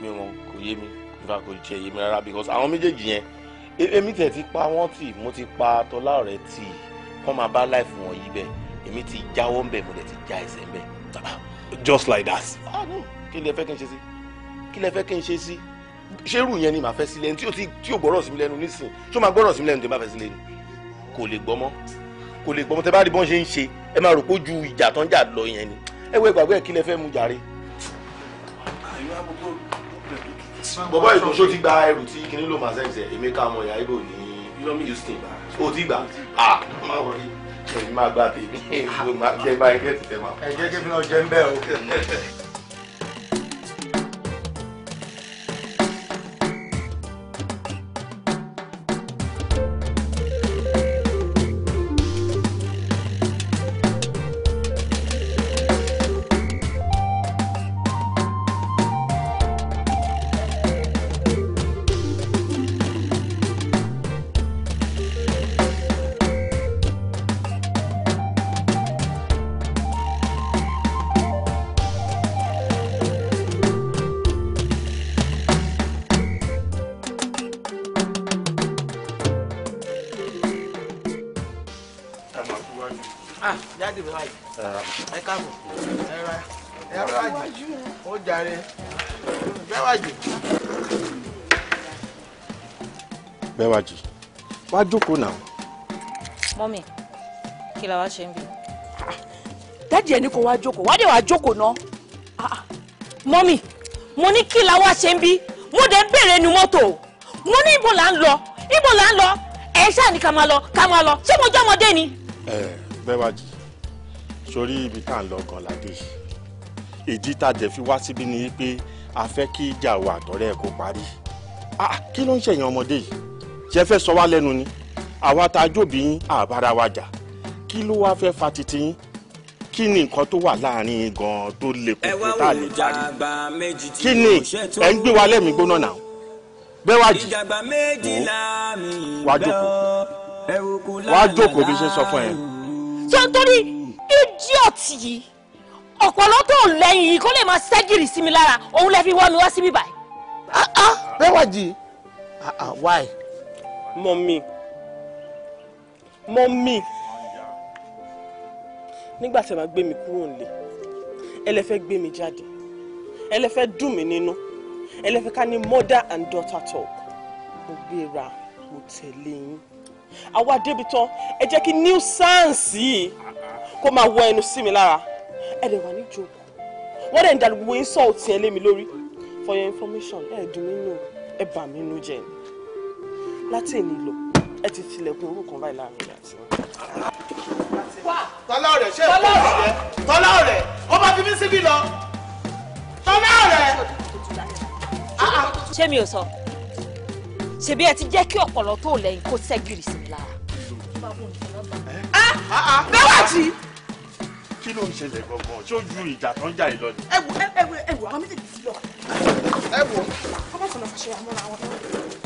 mi wọn kò yé mi nípa kò jẹ yé mi rárá because àwọn méjèèjì yẹn e-, èmi tẹ̀ ti pa wọ́n tì mo ti pa tọ́lá ọ̀rẹ́ tì kọ́ máa bá láìfù wọn yí bẹ́ẹ̀ èmi ti jáwọ́ ń bẹ̀ mo dẹ̀ ti já ẹsẹ̀ ń bẹ̀ just like that. Ah, kí lẹ fẹ́ kí n ṣe sí kí lẹ fẹ́ kí n ṣe sí ṣé irú yẹn ni màá fẹ́ sílẹ̀ tí o ti tí o gbọ́rọ̀ sí mi lẹ́nu nísìn ṣé o máa gbọ́rọ̀ sí mi lẹ́nu tó bá fẹ́ sílẹ̀ ni kò lè gbọ́ mọ́ kò lè gbọ́ mọ́ tẹ́ bá rí bọ́n ṣe ń ṣe ẹ máa rò pé ju ìjà tán jà lọ yẹn ni ẹ wọ ìgbàgbọ́ ẹ kí lẹ fẹ́ mu jàre. bọ́bọ́ ìdúró ti gba ẹrù tí kinní ló máa ṣẹ́ǹsẹ̀ Emeka ọmọ ìyá ibo ní Houston o ti gbà ah máa wọlé èmi máa gba tèmi èmi ah. máa jẹ báyìí kẹ́tì tẹ̀ máa. ẹ kí n lọ jẹ ń bẹ́ẹ̀ o. Adéwájú wá jókòó náà. mọ́mì kí la wá ṣe ń bí. dájú ẹ ní kó wá jókòó wá dé wá jókòó náà. Ah, ah. mọ́mì mo ní kí la wá ṣe ń bí mo dé bèrè nu mọ́tò mo ní ibo là ń lọ ibo là ń lọ ẹ ṣáà ní ká máa lọ ká máa lọ ṣé mo jẹ́ ọmọdé ni. ẹ Adéwájú sórí ibi tá à ń lọ gan ládé yìí ìdí tá a jẹ fi wá síbí ni pé a fẹ́ kí ìjà wa àtọ̀rẹ́ ẹ̀ kó parí ah, kí ló ń ṣèyàn ọmọdé yìí ṣe fẹ́ sọ wá lẹ́nu ni àwa tá a jòbí yín àbára wa jà kí ló wá fẹ́ fa titi yín kí ni nǹkan tó wà láàrin gan-an tó le kókó tá a lè parí kí ni ẹ̀ ń gbé wa lẹ́mìí gbóná náà bẹ́wàjì wá jókòó wá jókòó bí ṣe sọ fún ẹ. sọ nítorí íjíọ̀tì yìí ọ̀pọ̀lọ́ tó lẹ́yìn yìí kó lè máa ṣẹ́gìrì sí mi lára òun lè fi wọ́ mi wá síbí báyìí. bẹ́wàjì ah, ah. ah, why mọ́mí mọ́mí nígbà tí ẹ máa gbé mi kúrò nílé ẹ lè fẹ́ gbé mi jáde ẹ lè dùn mí nínú ẹ ká ní mother and daughter talk mo gbéra mo tẹ̀lé yín àwa débi tán ẹ jẹ́ kí new science yìí kó máa wọ ẹnu sí mi lára ẹ lè wà ní ìjókòó wọ́n dẹ̀ ń dàlú gbogbo insult yẹn lé mi lórí for your information ẹ dùn mí nù ẹ bà mí nù jẹ́ ni láti èmi lọ ẹ ti tilẹ̀kùn orúkọ báyìí láàrin ìyá àti wọn. tọ́lá ọ̀rẹ́ ṣé èkó ìṣẹ́ tọ́lá ọ̀rẹ́ ó máa fi mí síbí lọ tọ́lá ọ̀rẹ́. Ah, ah. ṣé mi ò sọ ṣebí ẹ ti jẹ́ kí ọpọlọ tó lẹ́yìn kó ṣẹ́gìrì sí mi lára. bẹ́ẹ̀ wá jí kí ló ń ṣẹlẹ̀ gangan ṣó ju ìjà tó ń jà yìí lọ ni. ẹ wo ẹ wo ẹ wo àwọn méjèèjì ti lọ. ẹ wo. ọmọ sọ̀rọ̀ fàṣẹ àmọ́ra àwọn náà.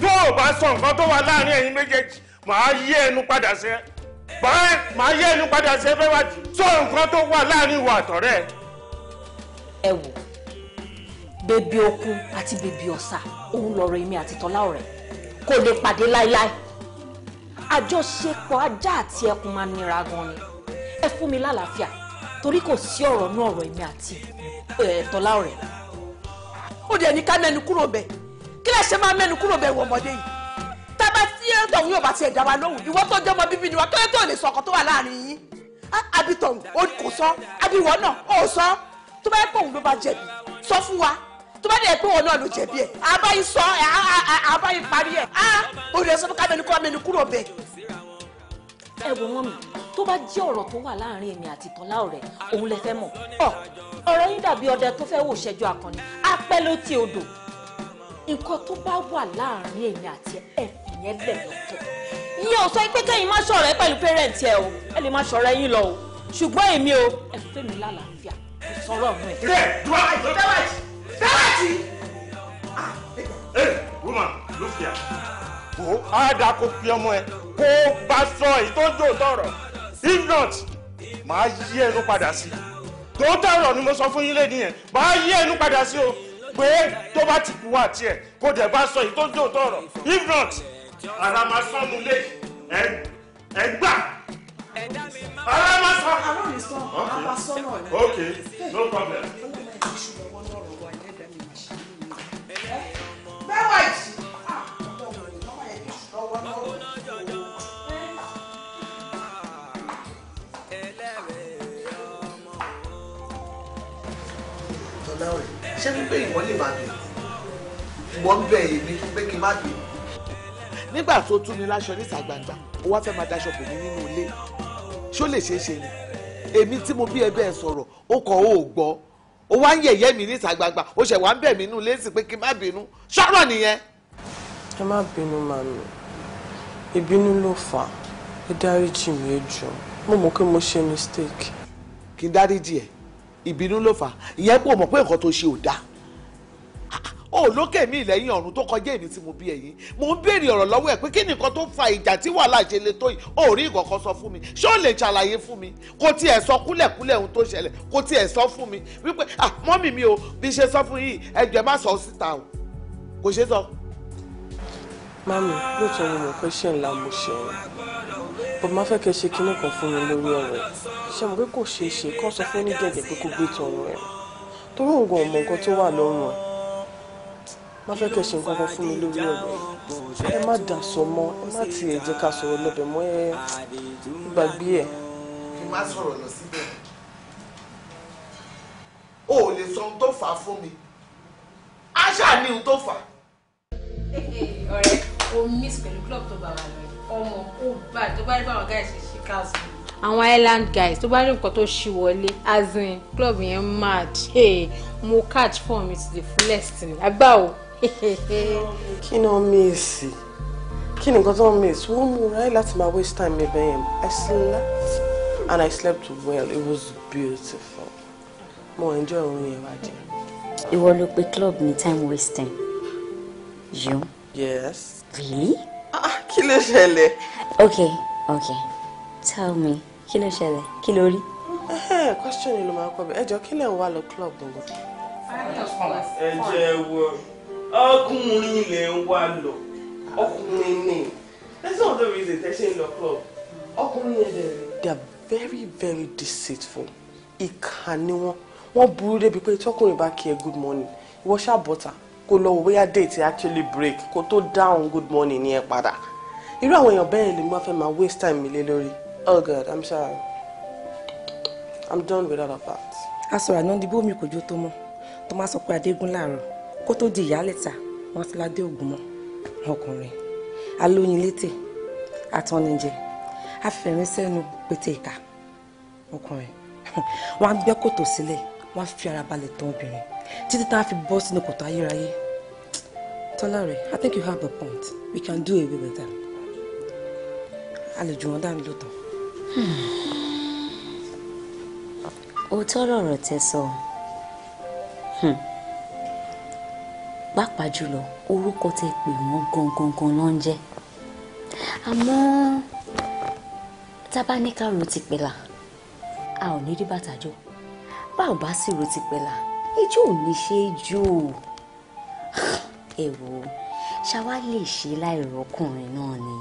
tó o bá sọ nǹkan tó wà láàrin ẹ̀yin méjèèjì màá yí ẹnu padà sẹ́ màá yí ẹnu padà sẹ́ fẹ́ wájú sọ nǹkan tó wà láàrin ìwà àtọ̀rẹ́. ẹ wò bèbí okun àti bèbí ọ̀sà òun lọ̀rọ̀ èmi àti tọ́lá ọ̀rẹ́ kò lè pàdé láéláé àjọṣepọ̀ ajá àti ẹkùn máa nira gan ni ẹ fún mi lálàáfíà torí kò sí ọ̀rọ̀ náà ọ̀rọ̀ èmi àti tọ́lá ọ̀rẹ́. ó dẹ̀ ní ká mẹ́nu kúrò bẹ́ẹ̀ kí lẹ ṣe máa mẹ́nu kúrò bẹ́ẹ̀ wọ ọmọdé yìí tábà tí ẹ tọ̀hún yóò bá tiẹ̀ dá wa lóhùn ìwọ tó jẹ́ ọmọ bíbí ni wa kí lẹ tó lè sọ̀kọ̀ tó wà láàrin yín àbí tọ̀hún ó kò sọ àbí ìwọ náà ó sọ tó bá yẹ pé òun ló bá jẹ̀bi sọ fún wa tó bá dẹ̀ pé òun náà ló jẹ̀bi ẹ̀ àbáyé sọ àbáyé parí ẹ̀ á òde sọ fún kámẹ́nu kúrò mẹ́nu kúrò bẹ́ẹ̀. ẹ wo wọn mi tó bá jẹ́ ọ̀rọ̀ tó wà láàrin èmi àti tọ́lá ọ̀rẹ́ òun lè fẹ́ mọ̀ ọ ọ̀rọ̀ yín dàbí ọdẹ tó fẹ́ wò ṣẹjọ́ akọni apẹ́ ló ti odò nǹkan tó bá wà láàrin èmi àti ẹ̀fìn yẹn lẹ̀ lọ́tọ̀ ìyẹn ò sọ pé kẹ́yìn má ṣọ̀rẹ́ pẹ̀lú pẹ́rẹ́ǹtì ẹ o ẹ lè má ṣọ̀rẹ́ yín lọ o ṣùgbọ́n èmi o ẹ fẹ́ mi lálàáfíà sọ̀rọ̀ ọ̀hún ẹ̀. rẹ duwala yìí tẹwàjì tẹwàjì. ẹ roma ah, ló fi à. o á da kó fi ọmọ ẹ kó bá sọ èyí tó jò tọrọ if not màá yí ẹnu padà sí i tó tọrọ ni mo sọ fún yín lẹ́nu yẹn màá yí ẹnu padà sí o pé tó bá ti wá tiẹ̀ kó dẹ̀ bá sọ yìí tó dé òótọ́ ọ̀rọ̀ if not ara máa sọ mu lé ẹ gbà ara máa sọ. ara mi sọ ara sọ náà ni. ok no problem. bẹ́ẹ̀ wá jù. ṣé pípé ìwọ́n lè máa dùn ìwọ́n ń bẹ èmi pé kí n má dùn. nígbà tó tú mi láṣọ níta gbangba ó wá fẹ́ máa daṣọ bò mí nínú ilé ṣó lè ṣeé ṣe ni èmi tí mo bí ẹbẹ ẹ sọ̀rọ̀ ó kọ̀ ó gbọ́ ó wá ń yẹ̀yẹ́ mi níta gbangba ó ṣẹ̀ wá ń bẹ̀ mí nínú ilé sí pé kí n má bínú ṣọ́rọ̀ nìyẹn. ẹ má bínú màmí ìbínú ló fà á ẹ dáríjì mi ẹ jọ̀ọ́ mo mọ̀ pé mo ṣe mistake. kí n dáríjì ẹ̀ ìbínú ló fà ìyẹn kò mọ̀ pé nǹkan tó ṣe ò dáa ah, ah, o lókè mí lẹ́yìn ọ̀run tó kọjá èmi tí mo bí ẹ̀yìn mo ń béèrè ọ̀rọ̀ lọ́wọ́ ẹ̀ pé kí nìkan tó fa ìjà tí wàhálà ṣe lè tó yìí ó rí ìkọ̀kan sọ fún mi ṣé ó lè ṣàlàyé fún mi kò tiẹ̀ sọ kúlẹ̀kúlẹ̀ ohun tó ṣẹlẹ̀ kò tiẹ̀ sọ fún mi wípé ah mọ́mì mi o bí ṣe sọ fún yìí ẹjọ́ má sọ síta o kò ṣe sọ Mami, lóòótọ́ ni mo fẹ́ ṣe ńlá mo ṣe wọn. Bọ̀ máa fẹ́ kẹ́ ṣe kinní kan fún mi lórí ọ̀rọ̀ ẹ̀. Ṣé mo pé kò ṣeé ṣe kán sọ fún onígẹ̀gẹ̀ pé kó gbé tọrùn ẹ̀? Torí òun gan ọmọ nǹkan tó wà lọ́rùn ẹ̀. Máa fẹ́ kẹ́ ṣe nǹkan kan fún mi lórí ọ̀rọ̀ ẹ̀. Ẹ má dà sọ mọ́, ẹ má tiẹ̀ jẹ́ ká sọ̀rọ̀ lọ́bẹ̀ mọ́ ẹ gbàgbé ẹ̀. Kí má sọ̀rọ̀ lọ síbẹ̀. O ò lè sọ ohun tó fà á fún mi. ọ̀rẹ́ o miss pẹ̀lú club tó bá wà lọ ọmọ ó bá tó bá rí báwọn guys ṣe ṣe káàsì. àwọn island guys tó bá rí nǹkan tó ṣì wọlé as in club yẹn mad mo catch form to the fullest ni àgbà o. kí ni wọ́n mí èsì kí ni nǹkan tó ń miss wọ́n mú ráyè láti máa waste time mi bẹ́ẹ̀ yẹn I slept and I slept well it was beautiful mo enjoy oorun yẹn wájú. ìwọ ló pe club ní time wasting. You? Yes. Really? Ah, kí ló Okay, okay. Tell me, kí ló ṣẹlẹ̀? Kí Question yìí ló máa kọ́ mi. Ẹ jọ club don't go. jẹ́ wọ, ọkùnrin lè ń wá lọ. That's not the reason tẹ́ ṣe ń club. Ọkùnrin yẹn They are very very deceitful. Ìkà can't wọ́n. Wọ́n burú débi pé tọkùnrin bá kí good morning. Wash ṣáà butter kó lọ wò bóyá date actually break kó tó down good morning ní ẹ padà irú àwọn èèyàn bẹ́ẹ̀ lè mú afẹ́ máa waste time mi lé lórí oh god i'm sorry i'm done with all of that. asọ̀rọ̀ àná dìbò mi kò jó tó mọ́ tó máa sọ pé adégún láàárọ̀ kó tó di ìyálẹ̀ta wọ́n ti la dé ògùn mọ́ ọkùnrin alóyin létè atọ́nijẹ afẹ́rin sẹ́nu pété ìka ọkùnrin wọ́n á gbẹ́ kòtò sílẹ̀ wọ́n á fi ara balẹ̀ tán obìnrin títí tá a fi bọ́ sínú kòtò ayérayé Tọ́lárẹ̀ I think you have a point we can do away with that a lè jù wọ́n dání ló tán. Hmm. òótọ́ lọ̀rọ̀ tẹ sọ hmm. pàápàá jùlọ orúkọ tẹ pè wọ́n gangan gan ló ń jẹ́ àmọ́ tá a bá ní ká ro ti pẹ̀lá a ò ní rí bàtà jọ bá sì ro ti pẹ̀lá ijó ò ní ṣe é jó ẹ wò ó ṣáwá lè ṣe láìrọ́kùnrin náà ni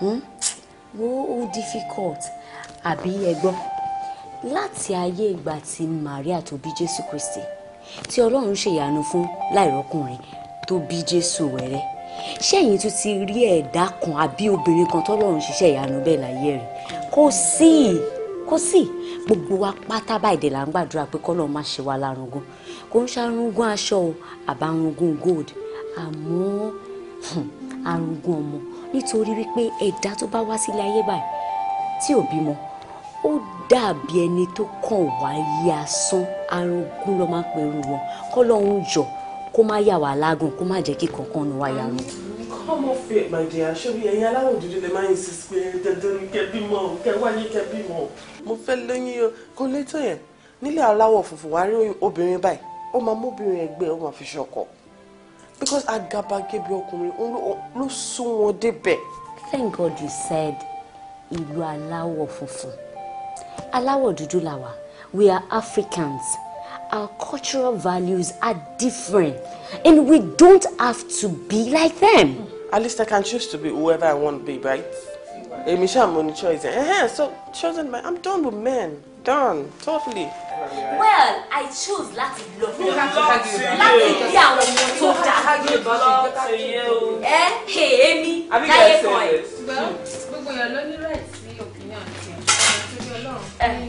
hmm? wo ó difficult àbí ẹgbọ́n láti ayé ìgbà tí Maria tó bí Jésù Kristi tí Ọlọ́run ṣèyanu fún láìrọ́kùnrin tó bí Jésù wẹ̀rẹ́ ṣẹ́yìn tún ti rí ẹ̀dá kan àbí obìnrin kan tọ́lọ́run ṣiṣẹ́ ìyanu bẹ́ẹ̀ láyé rẹ̀ kò sí kò sí gbogbo wa pátá báyìí dè là ń gbàdúrà pé kọ́lọ́ má ṣe wá lárugún kò ń ṣarungún aṣọ o àbárungún gold àmọ́ hmm, arungún ọmọ nítorí wípé ẹ̀dá tó bá wá sílé ayé báyìí tí ò bímọ ó dàbí ẹni tó kàn wá yí asán arungún ló máa pẹ̀lú wọn kọ́lọ́ ń jọ kó má yà wá lágùn kó má jẹ́ kí kankan nu wá yà wọn ọmọ fẹ my dear ṣebí ẹ̀yin aláwọ̀ dúdú lè máa ń insist pé dandan ni kẹ́ bímọ kẹ́ wáyé kẹ́ bímọ. mo fẹ́ lóyún o kò létò yẹn nílẹ̀ aláwọ̀ funfun wàá rí obìnrin báyìí ó máa móbìnrin ẹgbẹ́ ó ma fi ṣọkọ because àgàbàgebè ọkùnrin ló sún wọn débẹ̀. thank god you said ìlú aláwọ̀ funfun aláwọ̀ dúdú la wà we are africans our cultural values are different and we don't have to be like them. Mm at least I can choose to be whoever I want to be, right? Èmi ṣáà mo ní choice. Eh, so chosen by I'm done with men. Done. Totally. Well, I choose láti love. Láti love. àwọn ọmọ tó dá. Ẹ ẹ èmi láyé kan ẹ̀. Gbogbo èèyàn ló ní right sí opinion ti ẹ̀. Torí Hello.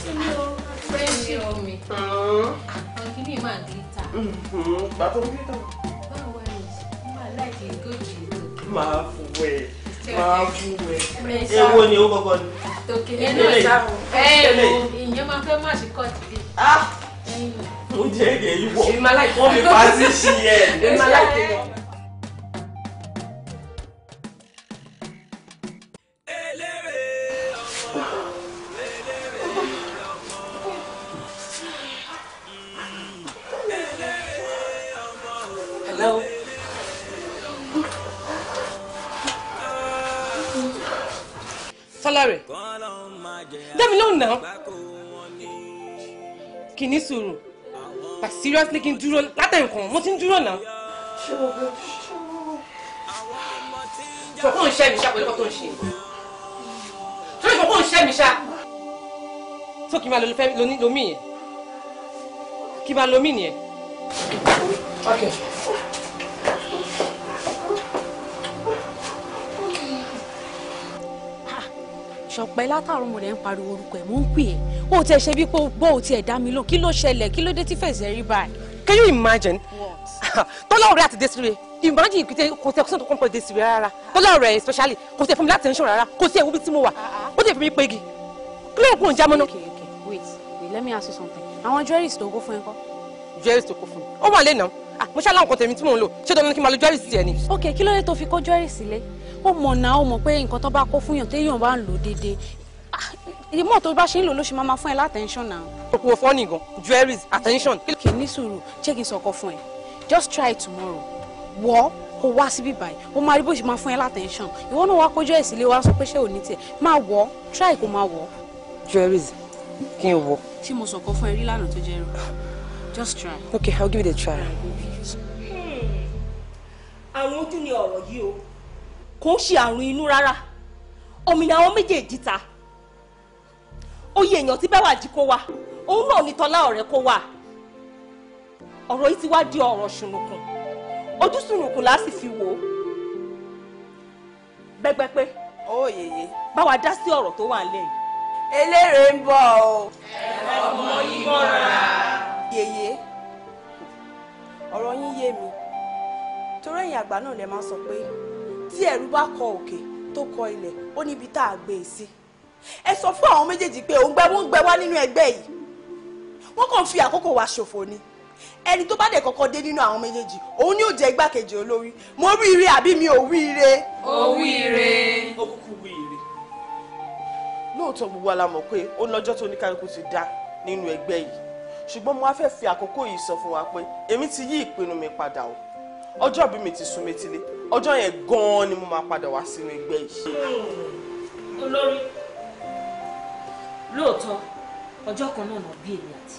Friend mi o, fẹ́ mi o mi. Àwọn kìíní máa ń gbé ta. Bàbá mi gbé ta máa fún ẹ máa fún ẹ èwo ni ó kọ́kọ́ ni. tòkè nínú ìsáwọ ẹ̀ẹ́dì ìyẹn máa fẹ́ má ṣe kọ́ ti dé. mo jẹ́ ẹ̀gẹ̀ yìí wọ̀ wọ́n mi pa sí ṣí ẹ̀. sálárì dẹ́mi lóhùn náà kì í ní sùúrù but seriously kí n dúró látẹ̀kùn mo ti ń dúró náà. fọkàn ń ṣẹ́ mi ṣá pẹ̀lú kọ́ tó ń ṣe tó ìfọkàn ń ṣẹ́ mi ṣá So kì í máa lo yẹn kì í máa lomi yẹn. okay. Ṣọpẹ́ látàrún mo ń pariwo orúkọ ẹ̀ mò ń pè ẹ́ o tiẹ̀ ṣe bí pé bó o tiẹ̀ dá mi lò kí ló ṣẹlẹ̀ kí ló dé tí fẹ̀sẹ̀ rí báyìí. can you imagine tọ́lá ọ̀rẹ́ àti desire imagine kìtẹ́ kò tẹ́ kó sọ́dọ̀ kọ́ńpọ̀ desire rárá tọ́lá ọ̀rẹ́ especially kò tẹ́ fún mi láti tension rárá kò sí ẹ̀wọ́ bí tí mo wà ah, ah. ó tẹ̀ fún mi pégi kí ló ń kún jámọ́ náà. okay okay wait wait let me ask you something àwọn jewelries tó kó fún ẹ kọ́. Jewelry tó kó fún mi ó wà lẹ́nà ah, mo ṣáà láwọn kan tèmi tí mò ń lò ṣé dandan kí n máa lo jewelries tiẹ̀ ni. ok kí ó mọ̀ náà ó mọ̀ pé nǹkan tó bá kó fún yàn téèyàn bá ń lò déédéé ìmọ̀ ah, tó bá ṣe ń lò ló ṣe máa máa fún ẹ látẹ̀ńṣọ̀n náà. òkú fọ́ọ̀nì gan jewelries attention. kì í ní sùúrù jẹ́ kí n sọ̀kọ fún ẹ just try tomorrow wọ́ kó wá síbí báyìí ó máa rí bó ṣe máa fún ẹ látẹ̀ńṣọ̀n ìwọ náà wá kójú ẹ̀ sílé wá sọ pé ṣé ò ní tiẹ̀ máa wọ́ try kó máa wọ́. jewelries kí n wọ. ṣé mo sọ̀kọ fún ẹ rí lánàá tó jẹ́ rú just try. okay I'll give it a try. Hmm. Hmm. àwọn ojú ni ọ̀rọ̀ yìí o kò ń ṣe àrùn inú rárá òmìnira àwọn méjèèjì ta oyè èèyàn tí Bẹ́wàjí kó wa òun náà ní Tọ́lá ọ̀rẹ́ kó wa ọ̀rọ̀ yìí ti wá di ọ̀rọ̀ ṣùnùkùn ojú ṣùnùkùn la sì fi wò ó gbẹgbẹpẹ oyèyè bá wa dá sí ọ̀rọ̀ tó wà nílẹ̀ eléré ń bọ̀ o. ẹ̀rọ ọmọ yìí mọ́ra. yèyé ọ̀rọ̀ yín yé mi torí ẹ̀yin àgbà náà lè sọ pé tí ẹ̀rù bá kọ òkè tó kọ ilẹ̀ ó níbi tá a gbé e sí ẹ sọ fún àwọn méjèèjì pé òun gbẹ wọn ń gbẹ wá nínú ẹgbẹ́ yìí wọ́n kàn fi àkókò wa ṣòfò ni ẹni tó bá dẹ̀ kọ́kọ́ dé nínú àwọn méjèèjì òun ni ó jẹ́ igbákejì olórí mo wí ire àbí mi ò wí ire. ó wí ire. ó kúkú wí ire. lóòótọ́ gbogbo la mọ̀ pé ó lọ́jọ́ tó oníkálukú ti dá nínú ẹgbẹ́ yìí ṣùgbọ́n mo wá fẹ́ fi àkókò yìí sọ fún wa pé èmi ti yí ìpinnu mi padà o ọjọ́ bí mi ti sún métílé ọjọ́ yẹn gan-an ni mo máa padà wá sínú ẹgbẹ́ yìí. Hmm. olórí lóòótọ́ ọjọ́ kan náà nà bí èmi àti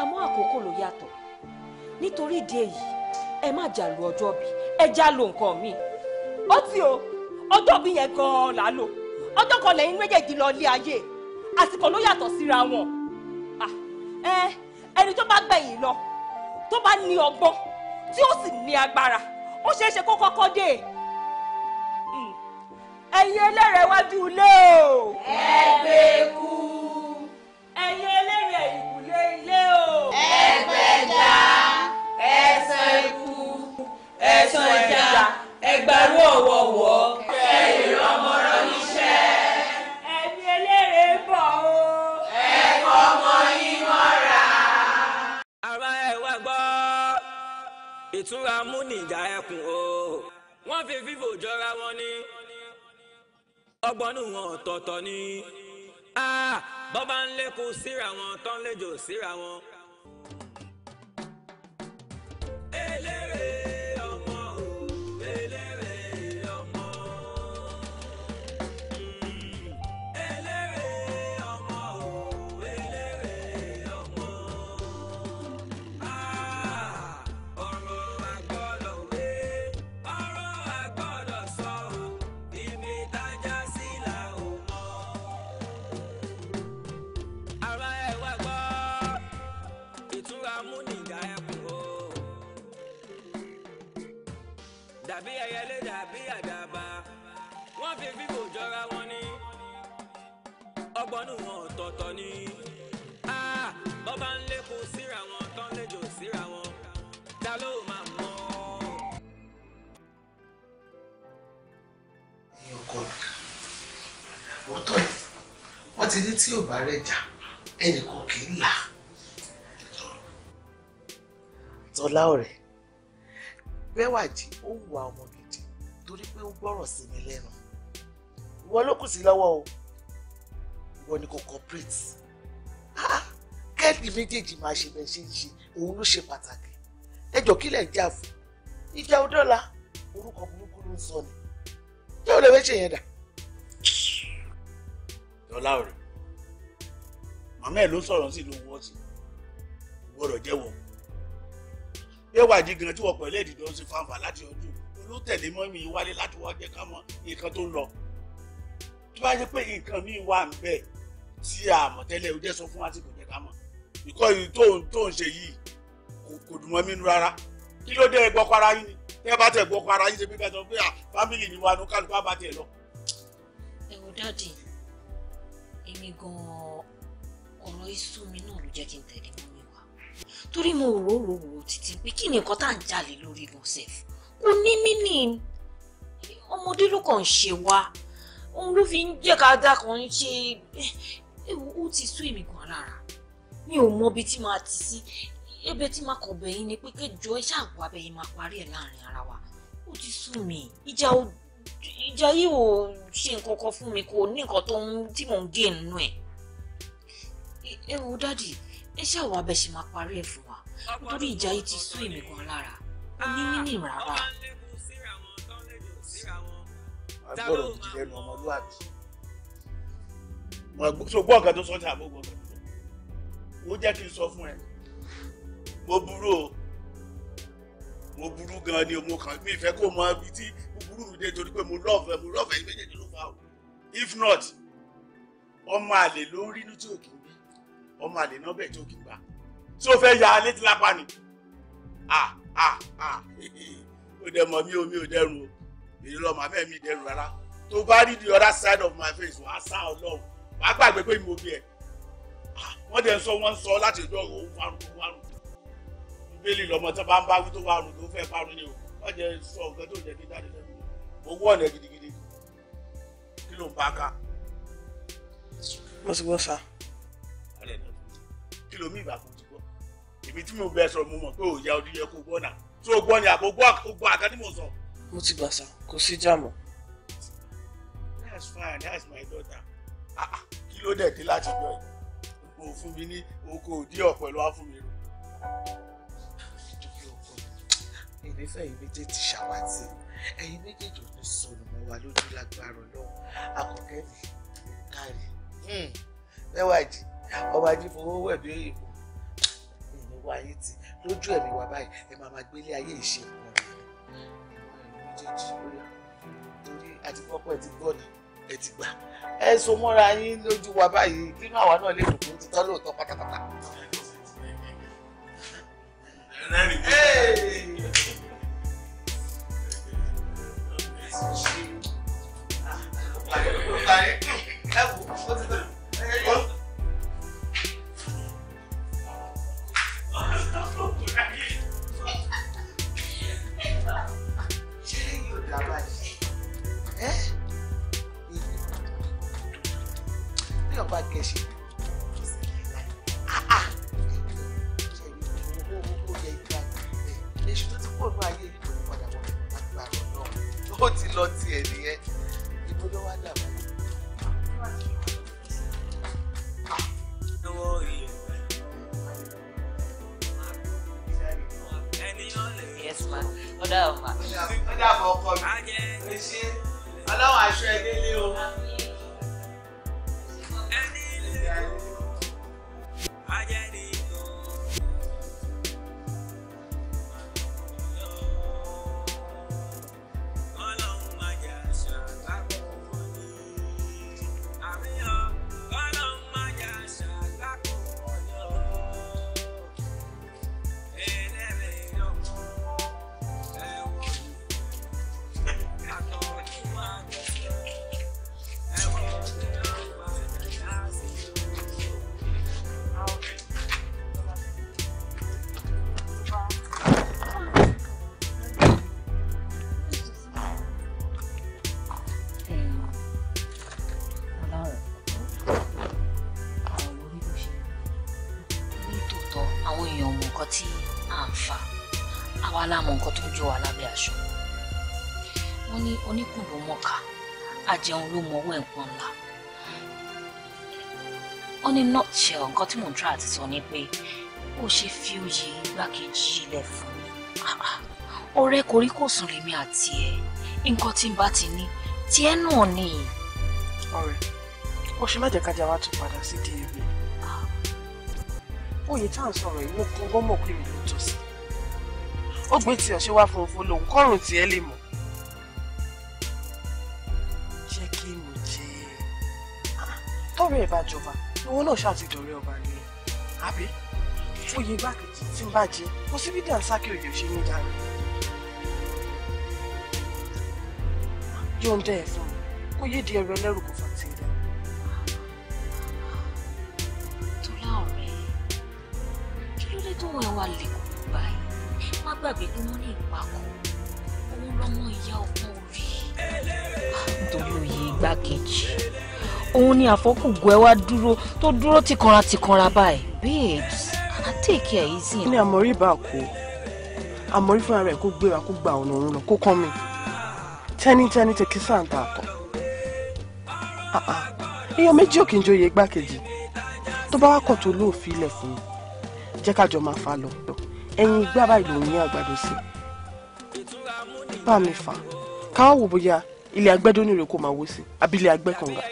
àmọ́ àkókò ló yàtọ̀ nítorí ìdí èyí ẹ má jà lu ọjọ́ bí ẹ já lo nǹkan mi ó ti o ọjọ́ bí yẹn gan-an là á lò ọjọ́ kan lẹ́yìn méjèèjì lọ lé ayé àsìkò ló yàtọ̀ síra wọn ah, ẹni tó bá gbẹ̀yìn lọ tó bá ní ọgbọ́n tí ó sì ní agbára ó ṣeé ṣe kó kọ́kọ́ dé hmm. ẹ̀yin ẹlẹ́rẹ̀ iwájú ilé o. ẹgbẹ́ kú. ẹ̀yin ẹlẹ́rẹ̀ ìkùlé ilé o. ẹgbẹ́jà ẹ̀sán ikú ẹ̀sán ìjà ẹgbàrú ọ̀wọ̀wọ̀ kẹrin ọmọ rọ ní. ìtura mú nìjà ẹkùn o wọ́n fi fífò jọra wọn ní ọgbọ́nú wọn ọ̀tọ̀ọ̀tọ̀ ni ah, bọ́bá ń lékun síra wọn tán lẹ́jọ́ síra wọn. pọ́nú wọn ọ̀tọ̀ọ̀tọ̀ ni ah, bọ́bá ń lékun síra wọn tán lẹ́jọ́ síra wọn ta ló máa mọ̀. ní ọkọ wọn tọ́ ẹ wọ́n ti ní tí ò bá rẹ̀ jà ẹnì kì í là. tọ́lá ọ̀rẹ́ rẹwàjì ó wà ọmọ gidi torí pé ó gbọ́rọ̀ sí mi lẹ́nu ìwọ ló kù sí lọ́wọ́ o wọ́n ní kò cooperate ah, kẹ́ẹ̀dì méjèèjì máa ṣe bẹ́ẹ̀ ṣe ń ṣe òun ló ṣe pàtàkì ẹjọ́ kílẹ̀ ń jà fún ìjà ọdọ́la orúkọ burúkú ló ń sọ ni jẹ́ ò lè fẹ́ ṣe yẹn dà. dọ́là ọ̀rẹ́ màmá ẹ̀ ló sọ̀rọ̀ sí ló wọ́ sí gbọ́dọ̀ jẹ́wọ́ yẹ́wàdí gan tí wọ́n pẹ̀lú ẹ̀dìdọ́ sí fanfa láti ọdún olótẹ̀lẹ́mọ́ mi wálé láti wá jẹ́ ká mọ nǹkan tó ń lọ tó bá jẹ́ pé nǹkan míì wà níbẹ̀ tí a mọ̀ tẹ́lẹ̀ ó jẹ́ sọ fún wa tí kò jẹ́ ká mọ̀ ìkọ́ yìí tó ń tó ń ṣe yìí kò dùn mọ́ mi nu rárá kí ló dé ẹgbọ́ para yín ni tẹ́ bá tẹ̀ gbọ́ para yín ṣe bí bẹ́tọ̀ pé ah, fámìlì ni wa ní kálukú bá tiẹ̀ lọ. ẹ wo dáàdì èmi gan-an ọ̀rọ̀ iṣu mi náà ló jẹ́ kí n tẹ̀lé mọ́ mi wá torí mo rò rò rò títí pé kí ni nǹkan tá à ń jalè lórí lọ́sẹ̀ kò ní mí ni ọmọdé ló kàn ń ṣe wá òun ló fi ń jẹ́ ká dákan ṣe ewu eh, ó ti sú èmi gan lára mi ò mọ ibi tí màá ti sí ebe tí màá kọ̀bẹ̀ yín ni pé kéjọ iṣẹ́ àgọ́ abẹ yín máa parí ẹ̀ láàrin ara wa ó ti sú mi ìjà ìjà yìí ò ṣe nǹkan kan fún mi kò ní nǹkan tó ń tí mò ń gé nínú ẹ̀ ẹ wo dáàdì ẹ ṣàwọn máa parí ẹ̀ fún wa nítorí ìjà yìí ti sú èmi gan lára ah, onímínì rárá agbọ́dọ̀ ti ẹnu ọmọlúwàbí so gbọ́ ọ̀gá tó sọ ní àbúgbò ó jẹ́ kí n sọ fún ẹ mo burú o mo burú gan ni mo kàn mí ìfẹ́ kó mọ ibi tí mo burú mi dé torí pé mo lọ́ọ̀fẹ́ mo lọ́ọ̀fẹ́ ìgbẹ́ jẹ́ ló fà if not ọmọ àlè ló ń rínú tí ò kì í bí ọmọ àlè náà bẹ̀ tí ò kì í gbà tí ó fẹ́ ya alé tí lápá ni ah ah ah ó dẹ̀ mọ̀ mí o mi ò dẹ́rùn o èyí lọ màá fẹ́ mi dẹrù rárá tó bá rí the other side of my face wàá sá ọlọ́run wàá gbàgbé pé mi ò bí ẹ ah, wọ́n dẹ̀ ń sọ wọ́n ń sọ láti ìjọ òun fárun tó fárun bíbélì lọ́mọ tó bá ń bá wí tó fárun tó fẹ́ fárun ni o wọ́n jẹ́ sọ nǹkan tó jẹ́ kí dáadé lẹ́nu owó ọ̀nà gidigidi kí ló ń bá ká. mo ti gbọ́ sa. kí ló mí ìgbà ti gbọ́ èmi tí mo bẹ sọ̀rọ̀ mo mọ̀ pé òòyà odi yẹ kó gbọ́ náà tó gbọ́ ni àbò gbọ́ àkàtí mo sọ mo ti gbà that's fine that's my daughter Ah, kilo de ti láti jọ yìí o fún mi ní oko òdí ọ̀pọ̀ ló wá fún mi rò. èmi fẹ́ yìí méjèèjì ṣàwátì ẹ̀yin méjèèjì ò ní sọnù mọ́ wa lójú lágbára ọlọ́run àkọ́kẹ́ kárí hmm, mẹ́wàá jì ọba jí fowó wẹ̀ bí òyìnbó ìyẹn wáyé tí lójú ẹ̀mí wa báyìí ẹ máa máa gbélé ayé ìṣe méjèèjì lóyà torí àti gbọ́pọ̀ ẹ ti gbọ́ ni ẹ ti gbà ẹ so mọ́ra yín lójú wa báyìí kínú àwa náà lè dùn kó ti tọ́ lóòótọ́ pátápátá. Thank you. bí ọba gẹ̀ẹ́sì ah, ah. èṣù tó ti pọ̀ ní ayé yìí kò ní padà wọ̀ agbára náà ó ti lọ tiẹ̀ ọkọ mi. ẹ ṣe aṣọ ẹ délé o. ní nọ́ọ̀tìṣẹ́ nǹkan tí mò ń tra àti sọ ni pé ó ṣe fi oyè igbákejì ilẹ̀ fún mi ọ̀rẹ́ koríkòsùn lèmi àti ẹ̀ nǹkan tí n bá ti ní tiẹ̀ náà ni. ọ̀rẹ́ ó ṣe mẹ́jẹ̀ kájà wá tún padà sí dna oyè tá à ń sọ̀rọ̀ yìí mo kún gbọ́mọ̀ pé mi ló tọ́ sí ó gbé tiẹ̀ ṣe wá fòfò lòun kọ́rùn tiẹ̀ lè mọ̀ jẹ́ kí ah, ẹ̀ bá jọba owó náà ṣáàtì dọ̀rẹ́ ọba ni àbí fún iye igbákejì tí ń bàjẹ́ kò síbi dànsákì òye ò ṣe ní ìdáná yóò ń dẹ́ ẹ̀ fún mi kó yé di ẹrù ẹlẹ́rù kò fà tí ń dẹ́. tọ́lá ọ̀rẹ́ kí ló dé tó wọ ẹwà lẹ́kọ̀ọ́ báyìí má gbàgbé pé wọ́n ní ìpàkọ́ òun lọ́mọ ìyá ọgbọ́n orí. nítorí òye igbákejì òun ni àfọkùngùn ẹ wá dúró tó dúró tìkanra tìkanra báyìí babes take care easy. Ni àmọ́rí bá kó àmọ́rí fúnra rẹ̀ kó gbéra kó gba ọ̀nà òun lọ kó kán mi tẹ́nítẹ́ní tẹ̀kí sáǹtà àtọ̀ ah, ah. èèyàn méjì ò kì í joyè igbákejì tó bá wá kọ̀ tó lóòfin ilẹ̀ fún mi jẹ́ kájọ máa fa lọ ẹ̀yin igbá báyìí lòun ní àgbàdo sí bá mi fà káwọ́ wò bóyá ilé agbẹ́dọ́ nílò kó máa wó sí àbí ilé agbẹ́kànga.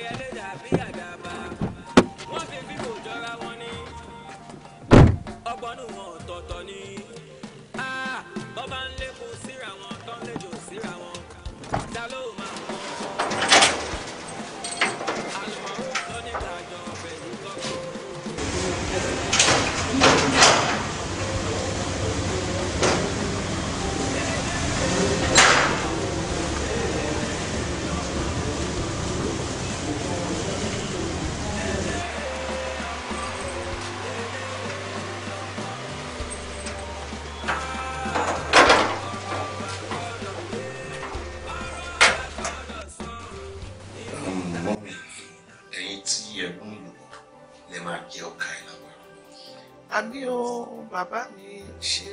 bàbá mi ṣe.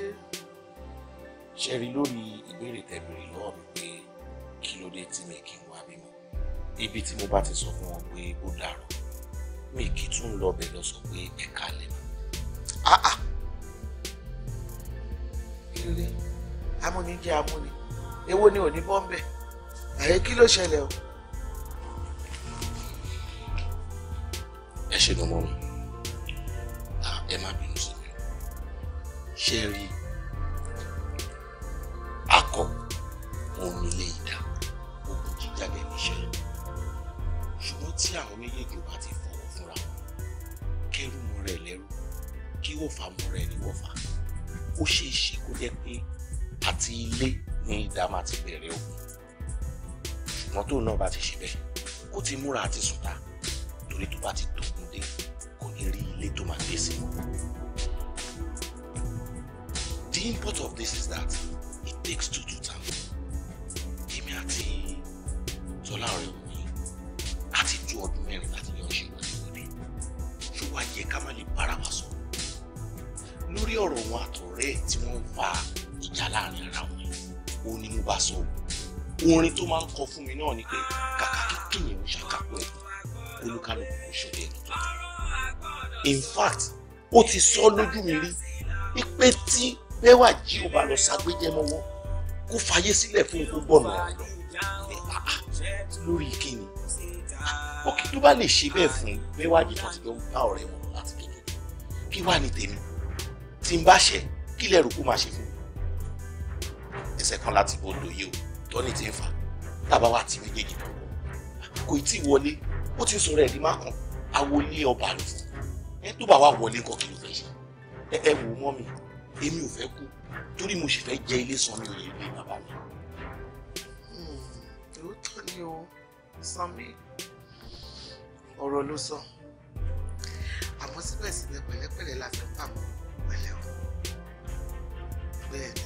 ṣe rí lórí ìbéèrè tẹ̀bẹ̀rẹ̀ lọ́wọ́ mi pé kí ló dé tí mi kì í wá bímọ ibi tí mo bá ti sọ fún wọn pé ó dàrú mi kì í tún lọ bẹ̀ lọ sọ pé ẹ̀ka lẹ̀ mọ́. àà kí ló dé amúni jẹ́ amúni èwo ni ò ní bọ́m̀bẹ̀ àyè kí ló ṣẹlẹ̀ o. ẹ ṣe lọmọ mi ẹ má bínú sí i ṣe rí akọ òun ilé ìdá ogun jíjà lẹ́nu iṣẹ́ ṣùgbọ́n tí àwọn méjèèjì bá ti fọwọ́ fúnra kẹrù mọ rẹ lẹ́rù kí wọ́fà mọ rẹ ní wọ́fà ó ṣeé ṣe kó jẹ́ pé àti ilé ní ìdá máa ti bẹ̀rẹ̀ ogun ṣùgbọ́n tóun náà bá ti ṣe bẹ́ẹ̀ kó ti múra àti sùn ta torí tó bá ti tókun dé kò ní rí ilé tó máa gbé sí i. The import of this is that it takes two to tango. Èmi àti Tọ́lá ọ̀rẹ́ mi láti ju ọdún mẹ́rin láti yọ ṣe wà lórí. Ṣé wàá yẹ ká má wa sọ? Lórí ọ̀rọ̀ wọn àtọ̀rẹ́ tí wọ́n ń fa ìjà láàrin ara wọn, ó ní mo bá sọ. Orin tó máa ń kọ mi náà ni pé kàkà kí kìnìún ṣàkàpọ̀ ẹ̀ olúkálùkù kò ṣọdẹ ẹ̀ lọ́tọ̀. In fact, ó ti sọ lójú mi rí wípé tí bẹ́ẹ̀ wà jí ò bá lọ ságbéjẹ́ mọ́wọ́ kó fàyè sílẹ̀ fún ikú bọ̀nà ọ̀rọ̀ ah, ah, lórí kíni ọkì ah, tó bá lè ṣe bẹ́ẹ̀ fún bẹ́ẹ̀ wá jí tó ti jọ ń bá ọ̀rẹ́ wọn láti kékeré kí wàá ní tèmi tí n bá ṣẹ kí lẹ rò kó máa ṣe fún mi ẹsẹ̀ kan láti bọ́ lóye o tọ́ni ti ń fà tábà wà tí méjèèjì tó kò tí ì wọlé ó ti sọ̀rọ̀ ẹ̀dín má kan awolé ọba rẹ̀ fún ẹ tó bá wà wọlé nǹkan kí ló fẹ́ ṣe ẹ wò mọ́ mi èmi ò fẹ́ kú torí mo sì fẹ́ jẹ ilé sọmi òye ìlú bàbá mi. Hmm, lóòótọ́ ni o sanmi ọ̀rọ̀ ló sọ àmọ́ síbẹ̀síbẹ̀ pẹ̀lẹ́pẹ̀lẹ́ la fi pa mọ́ pẹ̀lẹ́ o bẹ́ẹ̀ ni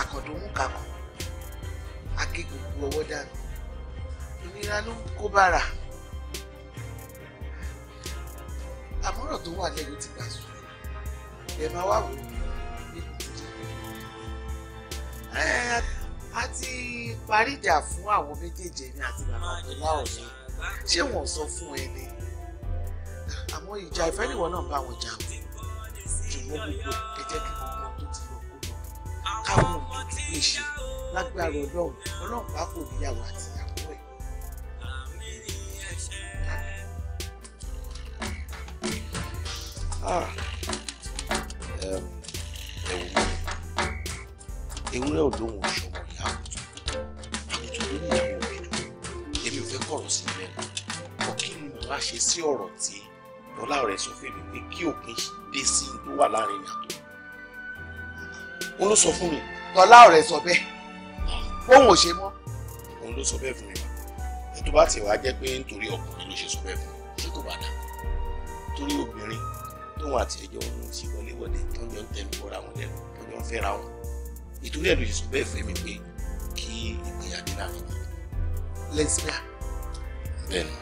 àkàndó mú kakọ̀ aké gbogbo ọwọ́ dànù ìnira ló ń kó bára àmọ́ràn tó wà lẹ́yìn ti gbà sùn ẹ máa wá wò a ti parí ìjà fún àwọn méjèèjì ẹni àti bàbá pẹ̀lú àwòrán ṣé wọ́n sọ fún ẹ ni àmọ́ ìjà ìfẹ́ nìwọ náà bá wọn jà ṣùgbọ́n gbogbo ẹ kí gbogbo tó ti lọ kó lọ káwọn òbí lè ṣe lágbára ọlọ́run ọlọ́run bá kò níyàwó àtìyàwó ẹ̀. Ah ewúrẹ́ ò lóhùn ìṣọmọ ìyá nítorí ìyàwó mi lò èmi ò fẹ́ kọ̀rọ̀ sí rẹ̀ kọ́ kí ni mo bá ṣe sí ọ̀rọ̀ tí lọ́lá rẹ̀ sọ fún mi pé kí òpin dé sí tó wà láàrin ìyàtọ̀ òun ló sọ fún mi. lọ́lá ọ̀rẹ́ sọ bẹ́ẹ̀ òun ò ṣe mọ́. òun ló sọ bẹ́ẹ̀ fún mi ẹ̀ tó bá ti wá jẹ́ pé nítorí ọkùnrin ló ṣe sọ bẹ́ẹ̀ fún mi ṣé kò bá dà torí obìnrin tóun àti ẹjọ́ òun ti wọléwọlé tọ́jọ́ ń tẹnu bọ́ra wọn lẹ́nu tọ́jọ́ ń fẹ́ra wọn ìtorí ẹ̀ ló ṣe sọ bẹ́ẹ̀ fẹ́ mi pé kí ìgbéyàwó láàrin wọn bẹ́ẹ̀ ni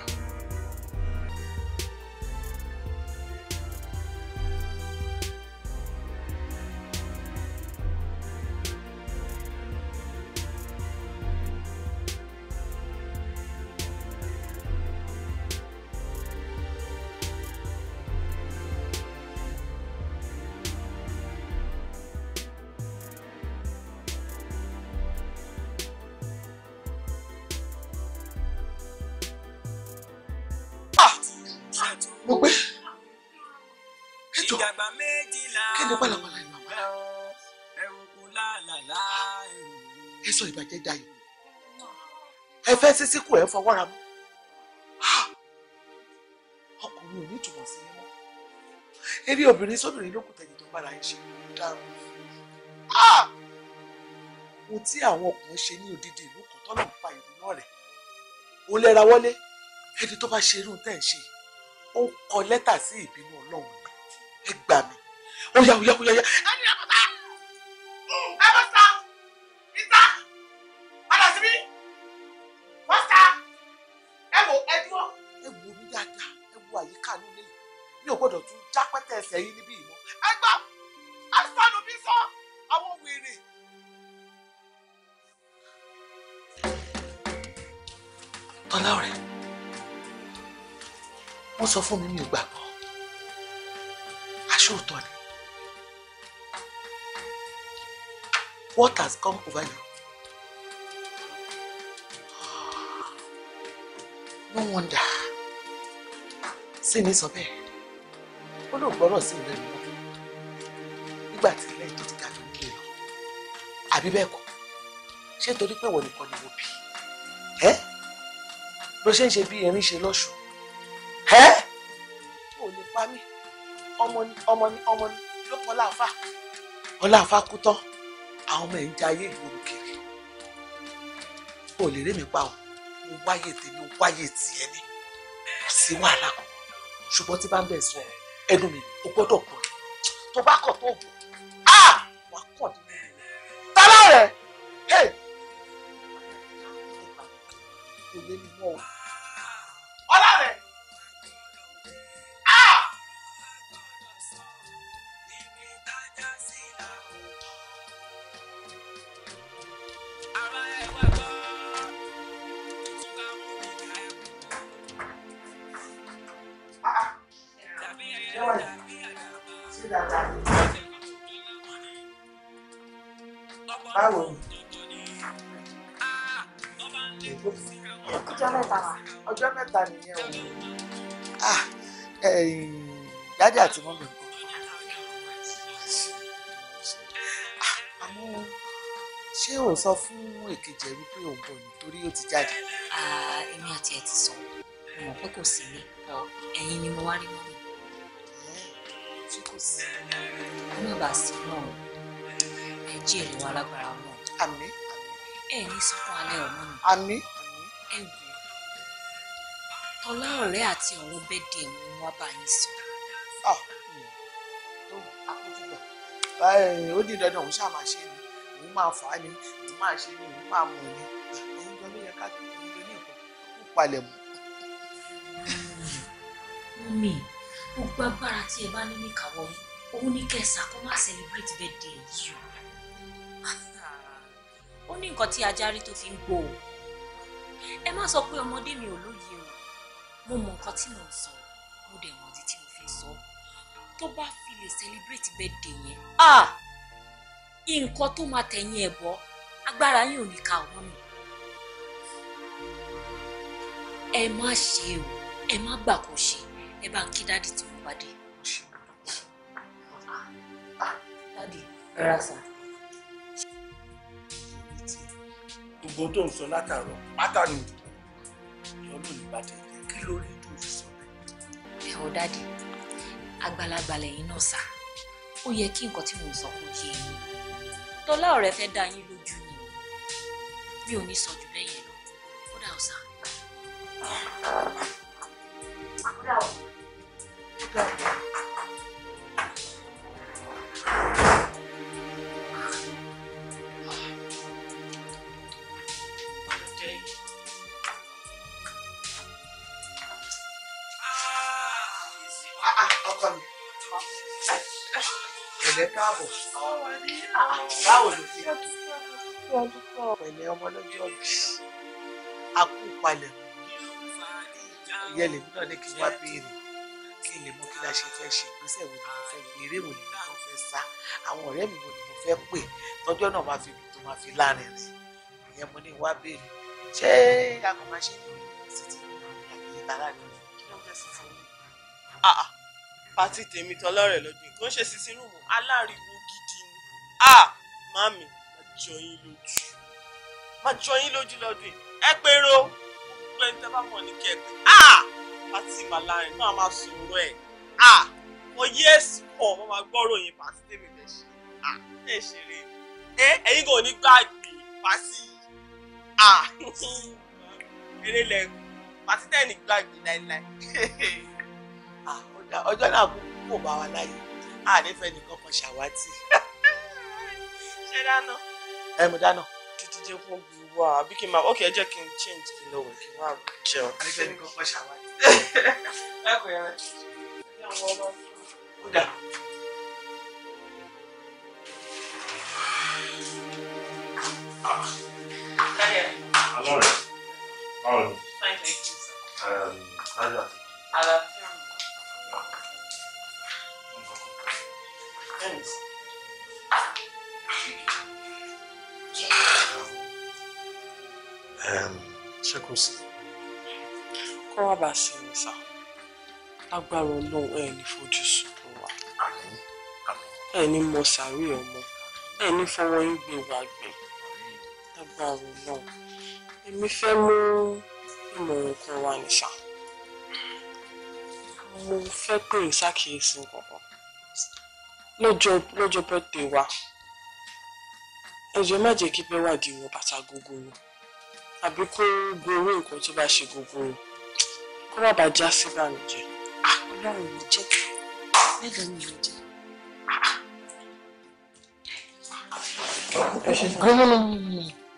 jọ kí ni pàlàpàlà yìí màmá ẹ sọ ìbàjẹ́ dayọ̀ ẹ fẹ́ sísí kù ẹ fọwọ́ ra mú ah! ọkùnrin ò ní túmọ̀ sí mímọ́ eré obìnrin sóbìnrin ló kù tẹ̀yìn tó bára ẹ ṣe ló dáhùn ah! ohun tí àwọn ọkùnrin ṣe ní odidi ìlú kan tọ́lọ̀ ń pa ìlú náà rẹ̀ òun lẹ́ra wọlé ẹni tó bá ṣe irú tẹ̀ ń ṣe ó kọ lẹ́tà sí ìbínú ọlọ́run ẹ gbà mí ó yá ó yá ó yá sọ fún mi mi ò ṣóòtọ́ ni what has come over you no wonder sí ni sọ bẹ́ẹ̀ ó lóò gbọ́rọ̀ sí But let it get ilé ètò ti ga ló ń lé lọ àbí bẹ́ẹ̀ kọ́ ṣé torí No, she nìkan ni mo bì ẹ́ ló ọmọ ni ọmọ ni ló pọ̀ láàfà ọláàfà kú tán àwọn ọmọ ẹ̀ ń jayé ìgboro kiri kò lè rí mi pa o mo wáyé tèmi mo wáyé tiẹ̀ ni kò sí wàhálà kan ṣùgbọ́n tí bá ń bẹ̀ sọ ẹnu mi o gbọ́dọ̀ kù ni tó bá kọ̀ tó bù á wà kọ̀ ní tálá rẹ̀ hey. kò lè mi mọ́ o. dáàdì àti mọ́mí nǹkan. àmọ́ ṣé òun sọ fún èkejì ẹ̀rú pé òun bọ̀ nítorí ó ti jáde. èmi àti ẹ̀ ti sọ mo mọ̀ pé kò sí ní ẹ̀yìn ni mo wá rí mọ́mí. ṣé kò sí ní ìbá sí náà ẹ̀ jí èrè wa lágbára náà. àmín. ẹ ní sọkún alẹ́ ọ̀mọ́ mi. àmín. ẹ wò tọ́lá ọ̀rẹ́ àti ọ̀rọ̀ bẹ́ẹ̀ dé mi wá bá yín sọ. Ah, ah, ó di dandan òun ṣáà máa ṣe ni òun máa fà á ni òun máa ṣe ni òun máa mọ̀ ni òun ah, gan ló yẹ ká kí òun ló ní nǹkan kó palẹ̀ mọ́. mi gbogbo agbára tí ẹ bá ní ní kàwọ́ yìí òun ní kẹsà kó má celebrate birthday yìí o ó ní nǹkan tí ajá rí tó fi ń gbó o ẹ má sọ pé ọmọdé mi ò lóye o mo mọ nǹkan tí mò ń sọ mo dẹ̀ mọ̀ títí mo fi sọ ọ́ tó bá fi lè celebrate birthday yẹn nǹkan tó máa tẹ̀yìn ẹ̀ bọ́ agbára yín ò ní ka wọ́n nù. ẹ má ṣe o ẹ má gbà kó ṣe ẹ bá ń kí dáàdì tí mo pàdé. dáàdì rárá sá. gbogbo tó ń sọ látàárọ̀ pátá ìyọ́nù ìbàdàn kí ló rí sọ bẹ́ẹ̀. dáàdì àgbàlagbà lẹ́yìn náà sà ó yẹ kí nǹkan tí mò ń sọ kó yé e tọ́lá ọ̀rẹ́ fẹ́ dá yín lójú ni mi ò ní sọ jù lẹ́yìn lọ kódà ọ̀sà. kódà ọ̀sà. ẹ̀yin ọmọ lọ́jọ́ ọ̀dù akú palẹ̀ ìyá lèmi náà ní kí n wá béèrè kí n lè mọ kí la ṣe fẹ́ ṣe ìgbésẹ̀ wo ni mo fẹ́ eré wo ni mo fẹ́ sá àwọn ọ̀rẹ́ mi wo ni mo fẹ́ pè tọ́jọ́ náà máa fi tó máa fi láàrin rẹ̀ ìyẹn mo ní wá béèrè ṣé àgbà máa ṣe ní yunifásitì àbí ìtara ni kí ló fẹ́ sọ fún mi. Ah, ah. pati tèmi tọlọ́rẹ̀ lọ́dún kò ń ṣe sísírùmù aláriwo gidi ni ah, mami àjọyìn lójú máa jọ yín lójú lọ́dún ẹ péré o gbogbo ẹni tẹ́ bá mọ̀ ní kí ẹ pé ah àti màlárin náà máa sọ̀rọ̀ ẹ̀ ah mo yé èsì pọ̀ mo máa gbọ́ ròyìn pàṣẹ tèmi lè ṣe ah ẹ ṣe rè é ẹ̀yin kò ní gbàgbé pàṣẹ ah eré lẹ́kùn pàṣẹ tẹ̀ni gbàgbé láíláí ah ọjọ́ náà kò bá wa láyé a nífẹ̀ẹ́ nìkan kan ṣàwátì ṣe dáná ẹ mo dáná títí jẹ́ kó gbé wá àbí kí n máa ok ẹ jẹ́ kí n change kí n lọ wẹ̀ kí n wá jẹun. àdìgbẹ́ni kò pọ̀ ṣàwárí. ẹ kò yẹra ó um, Thanks. ṣé kò sí. kọ́ra bá sí ni sá agbára ọlọ́run ẹ ní fojú sunkún wa ẹ ní mọ sàárè ọmọ ẹ ní fọwọ́ yín gbé wa gbẹ agbára ọlọ́run èmi fẹ́ mú ìmọ̀ràn kan wá ní sá mo fẹ́ pè é ṣàkíyèsí kankan lọ́jọ́ lọ́jọ́ bẹ́ẹ̀ tẹ̀ wá ẹ̀jẹ̀ má jẹ́ kí bẹ́ẹ̀ wà di ìwọ̀n bàtà gógó lọ àbí kó gbowó nǹkan tó bá ṣe gbogbo rẹ̀ kó má bàa já sí ìbànújẹ́. Ah, Ọlọ́run mi jẹ́ mélòó ni mo jẹ́.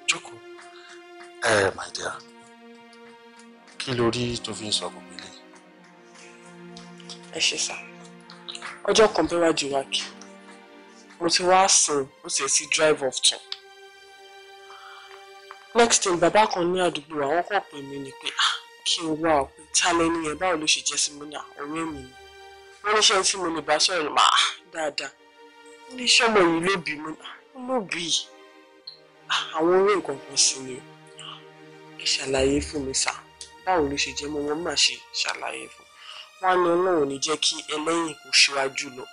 Jókòó. Ẹ my dear, kí ló rí tó fi ń sọ gbogbo ilé? Ẹ ṣe sá, ọjọ́ kan bẹ́ẹ̀ wá jù wá kí, mo ti wá sùn, mo sì ti drive off tán next thing bàbá kan ní àdúgbò àwọn kan pè mí ni pé ah, kí n wá ọ pé tí alẹ́ nìyẹn báwo ló ṣe jẹ́ sí mi ní ọ̀rẹ́ mi ni wọ́n ní ṣe tí mo lè bá sọ̀rọ̀ mà á ah, dáadáa wọ́n ní ṣọ́mọ yìí ló bí mi ah, ló bí àwọn orí nǹkan kan sí ni ẹ ṣàlàyé fún mi sà báwo ló ṣe jẹ́ mo wọ́n má ṣe ṣàlàyé fún wọn ní ọlọ́run ní jẹ́ kí ẹlẹ́yìn kò ṣíwájú lọ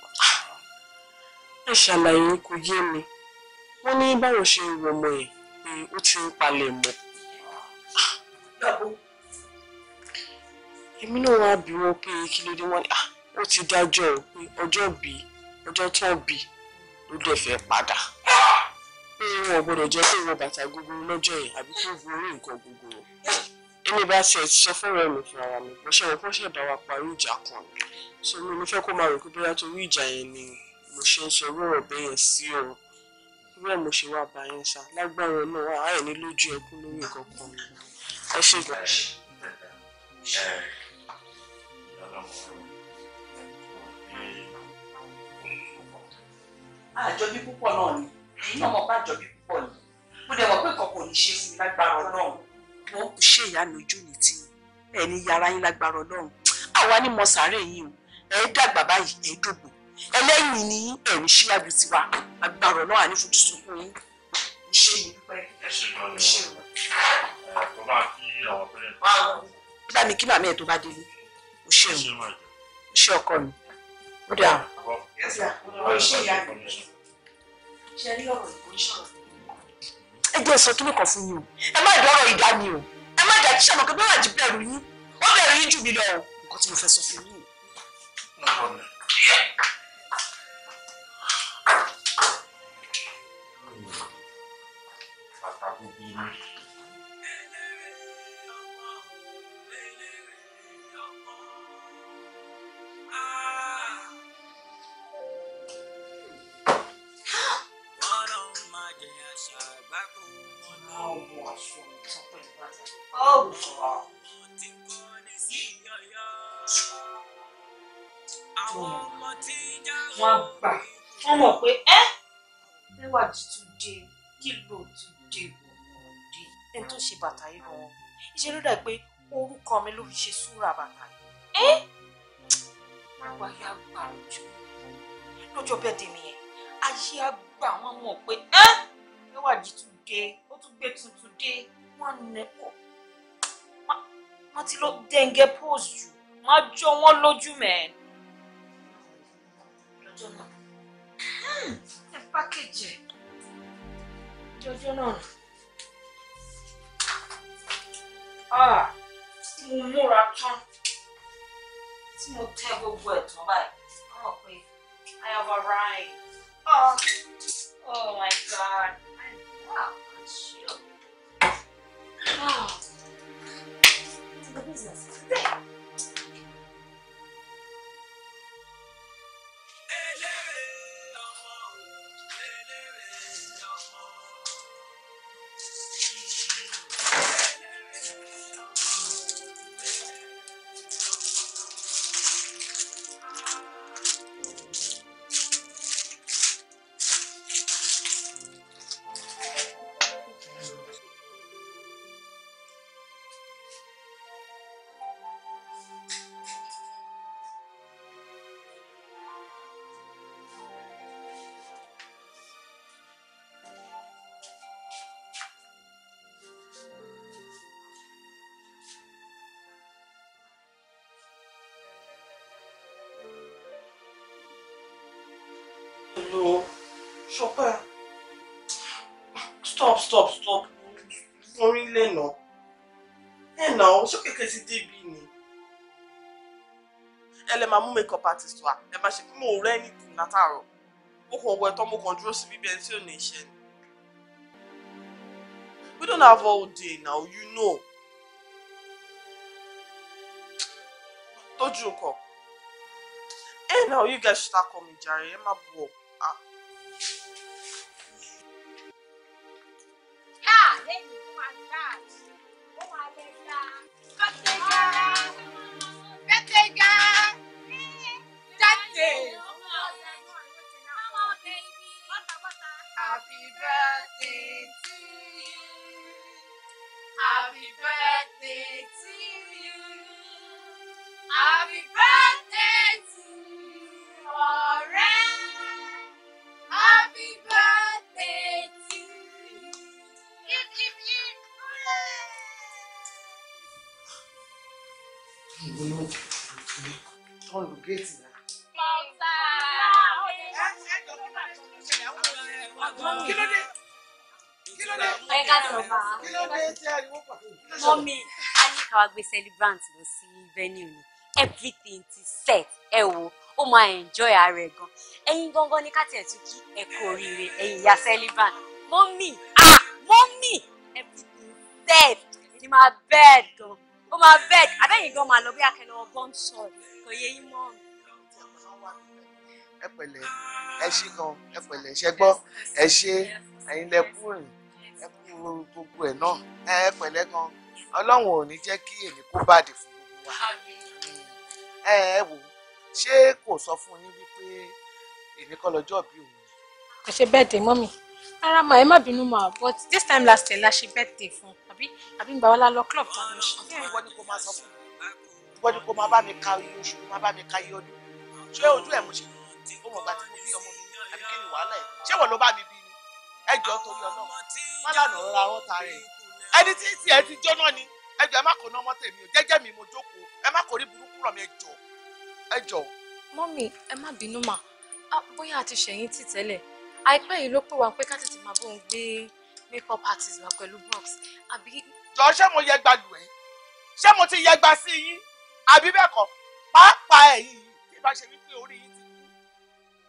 ẹ ṣàlàyé kò yé mi wọ́n ní báwo ṣe ń wọ yẹn ó ti ń palẹ̀ mọ́. èmi náà wá bí wọn pé kí ló dé wọn ni ah, ó ti dájọ́ pé ọjọ́ bí ọjọ́ tó bí ló dẹ̀ fẹ́ padà pé wọn gbọ́dọ̀ jẹ́ pé wọn bàtà gbogbo lọ́jọ́ yẹn àbí kó bu orí nǹkan gbogbo rẹ̀ èmi bá ṣe sọ fọ́rọ̀ ẹ̀mí fún ara mi bó ṣe wọ́n fọ́ ṣẹ̀dá wa parí ìjà kan so mi ò ní fẹ́ kó máa rò pé bóyá torí ìjà yẹn ni mo ṣe ń sọ ọ̀rọ̀ bẹ́yẹn sí ọ̀rọ̀ bẹ́ẹ̀ mo ṣe wá bá yín sá lágbára ọlọ́wọ́ àárẹ̀ ní lójú ẹkún lórí kankan ẹ ṣe gbà. àjọbí púpọ̀ náà ni èyí náà mọ̀ bá àjọbí púpọ̀ ni mo dẹ̀ mọ̀ pé kọ̀ọ̀kan ò ní ṣe fún mi lágbára ọlọ́run. wọn kò ṣe ìyanu ojú ní tí ẹni yàrá yín lágbára ọlọ́run àwa ni mo sàárè yín o ẹ dàgbà báyìí ẹ dògbò ẹlẹ́yìn ni ẹ̀rù ṣíyàgò tiwa agbára náà àní fojú sunkún yín ṣé mi pẹ́ ṣé mi. bá mi kí màmí ẹ̀ tó bá délé o ṣe o ṣe ọkọ mi ó dà o. ẹ jẹ́ sọ kíni kan fún yín o ẹ má dọ̀rọ̀ ìdá mi o ẹ má dà tíṣà mọ̀kẹ́ bẹ́ẹ̀ àjí bẹ̀rù yín ó bẹ̀rù yín jù mí lọ o nǹkan tí mo fẹ́ sọ fún yín o. Right. bàtà irun wọn ìṣe ló dà pé orúkọ mi ló fi ṣe súra bàtà ẹ wáyé agbàlójú lọ́jọ́ bẹ́ẹ̀ dèmi yẹn ayé àgbà wọn mọ̀ pé ẹ wà jí tún dé ó tún gbé tuntun dé wọn nẹkọ wọn ti lọ dẹngẹ pose jù wọn jọ wọn lójú mẹ́ẹ̀ lọ́jọ́ náà hmm, ẹ pákéjì lọ́jọ́ náà. Ah, tí mo múra tán tí mo tẹ gbogbo ẹ̀ tán báyìí wọ́n mọ̀ pé I have arrived. Oh, oh my God. Wow, I'm sure. Oh, the business ṣọpẹ́ stop stop stop forí lẹ́nà lẹ́nà ó ṣó kékeré ti débi ni ẹ lè máa mú makeup artist wa ẹ máa ṣe pé mo rẹ́ ní ìdùnnú látàárọ̀ ó kàn wọ ẹ̀tọ́ mo kàn dúró sí bíbẹ̀ tí ò ní ṣe ni we don't have all day now you know tójú nǹkan ẹ náà you guys start coming jàre ẹ má bọ̀. Happy birthday to you. Happy birthday. You know. Oh, you get it. Kí Mọ́mí, a ní káwa gbé celebrant lọ sí venue ni. Everything ti set, ẹ wo ó máa enjoy ara ẹ̀ gan ẹ̀yin gangan ní káàtì ẹ̀tún kí ẹ kú oríire ẹ̀yin ìyá celebrant mọ́mì ah mọ́mì everything set. dùn dead ní máa bẹ́ẹ̀ gan ó máa bẹ́ẹ̀ abẹ́yìn gan máa lọ bí akẹ́lẹ́ ọgbọ́n sọ̀rọ̀ kò yẹ yín mọ́ mi ẹ pẹ̀lẹ́ ẹ ṣí gan ẹ pẹ̀lẹ́ ṣe gbọ́ ẹ ṣe ẹ̀yin lẹ kú rìn ẹ kú gbogbo ẹ náà ẹ pẹ̀lẹ́ gan Ọlọ́run ò ní jẹ́ kí èmi kó bàdé fún gbogbo wa ẹ ẹ wò ṣé kò sọ fún yín wípé èmi kọ́ lọ́jọ́ bí òun. àṣẹ bẹ́ẹ̀ dé mọ́mì ara ma ẹ má bínú ma but this time last year la ṣe birthday fún àbí àbí ń gbà wá lọ club ta lọ ṣe. ìwọ ni kò máa sọ fún ìwọ ni kò máa bá mi ka iye oṣù kò máa bá mi ka iye ọdún ṣé ojú ẹ mo ṣe ó mọ̀ gbà tí mo bí ọmọ mi àbí kí ni wàhálà ẹ ṣé wọ́n ló bá mi bí ni ẹ jọ torí ọ náà má lànà rọra ọ ta rẹ ẹni tí tí ẹ ti jóná ni ẹ jọ ẹ má kó ná ọmọ tèmi o jẹ́jẹ́ mi mo jókòó ẹ má kó rí burúkú rọ mi àìpẹ́ yìí ló pè wá pé ká máa bóun gbé makeup artist wá pẹ̀lú box àbí. jọ ṣé mo yẹ gba lù ẹ ṣé mo ti yẹ gba sí yín àbí bẹ́ẹ̀ kọ́ pàápàá ẹ̀yìn bí bá ṣe wípé orí yín ti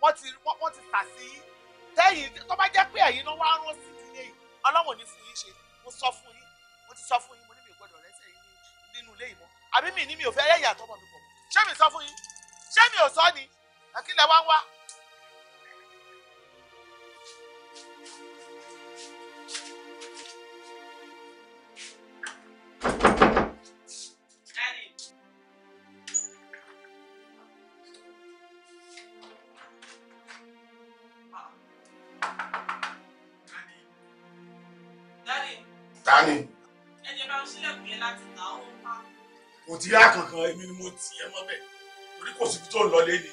wọ́n ti wọ́n ti tà sí yín tẹ́yìn tó bá jẹ́ pé ẹ̀yin náà wá rán sí ìdílé yìí ọlọ́wọ̀n ní fún yín ṣe mo sọ fún yín mo ti sọ fún yín mo ní mi gbọ́dọ̀ rẹ́sẹ̀ yín nínú ilé ìmọ̀ àbí mi ní mi ò fẹ́ ẹ̀yà tọmọ èmi ni mo tì ẹ́ mọ́bẹ̀ torí kò síbi tó ń ni.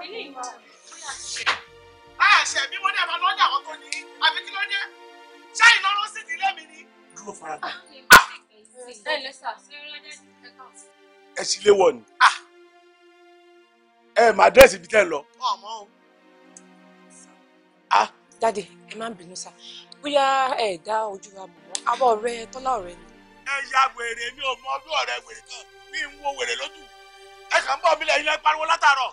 àṣẹ bí ẹ sì lé wọ ni ẹ mà dẹ́sì ibi tẹ́ lọ. dáde ẹ má bínú sá bóyá ẹ dá ojú wa mọ̀ àwọn ọ̀rẹ́ tọ́lá ọ̀rẹ́ ni. ẹ ya wèrè mi ò mọ ọdún ọ̀rẹ́ wèrè kan mi ń wo wèrè lójú ẹ kàn ń bọ̀ mi lẹ́yìn pariwo látàárọ̀.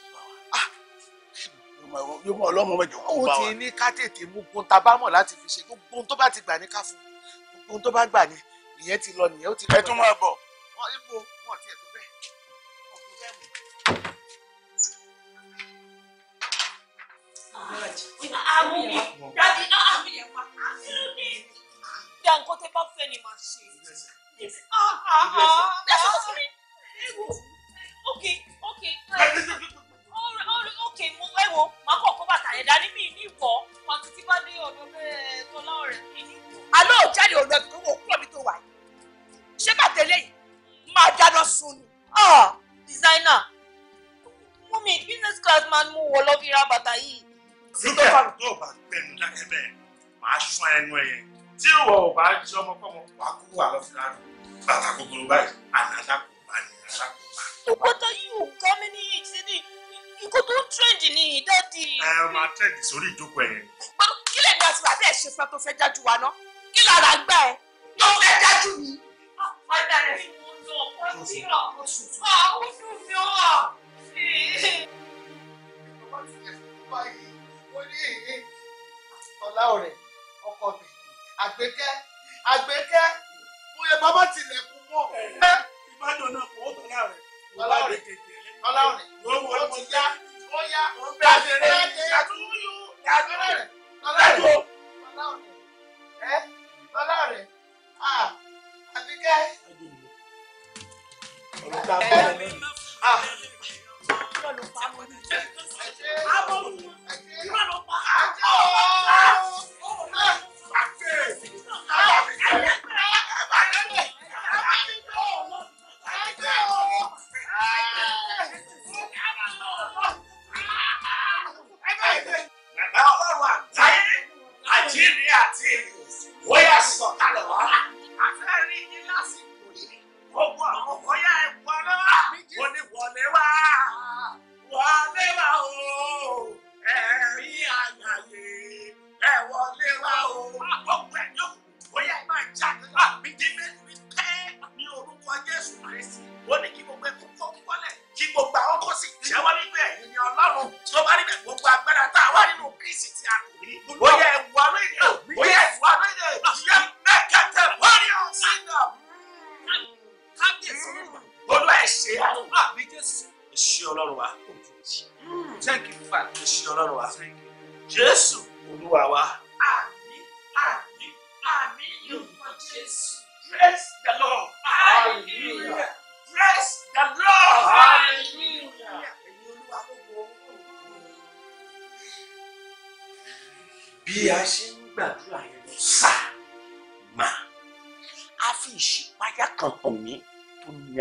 yóò ọlọ́mọ mẹ́jọ kó bá wa. ó ti ní ká mú gbóhùn tá bá mọ̀ láti fi ṣe gbogbo ohun tó bá ti gbà ní ká gbogbo ohun tó bá gbà ní ìyẹn ti lọ nìyẹn ó ti lọ. ẹ tún máa bọ̀. wọn ibo wọn ti ẹ̀tọ́ bẹ́ẹ̀ wọn kò òkè mo ẹ wo màá kàn kó bàtà yẹn dání mi ní ìwọ wọn ti ti bá dé ọ̀dọ̀ bẹ́ẹ̀ tó láwọn rẹ mi ní ìwọ. àná ò jáde ọ̀dọ̀ ibi tó wọ kúrò mi tó wà yìí ṣé bàtà eléyìí máa dáná sun ni. Ah! designer mummy business class man mú wọ lọ fi ra bàtà yìí. síbẹ̀ tó o bá gbẹnu dákẹ́ bẹ́ẹ̀ màá sún ẹnu ẹ̀yẹ tí ìwọ ò bá jẹ́ ọmọkọ́mọ wàá kú wà lọ́ fi ra bàtà gbogbo báyìí nǹkan tó ń trend ní ìdádì. ẹ ọ máa trend sórí ìjókòó ẹ. gbọ́dọ̀ kí lè ní àti bàbá ẹ̀ ṣe fún ẹ tó fẹ́ jájú wa náà kí lára gbà ẹ tó fẹ́ jájú mi. ọ̀dà rẹ̀ fi mú lọ ọ̀pọ̀ sí lọ ọ̀hún fún mi ó wà. Ah, ọ̀la ọ̀rẹ́ ọkọ mi àgbékẹ́ àgbékẹ́ mo yẹ bàbá tilẹ̀kùn mọ́. ìbádọ́ náà kò ó tọ́lá rẹ̀ ọ̀la ọ̀rẹ́ kèké ọlọ́run owó ó ti yá ó yá kàdéré kàdúyú kàdúrẹ̀ ọlọ́run ọlọ́run ẹ ọlọ́run à àbíkẹ́. Àwọn olùpamọ́ ni. Àwọn olùpamọ́ ni. 我也是，大了。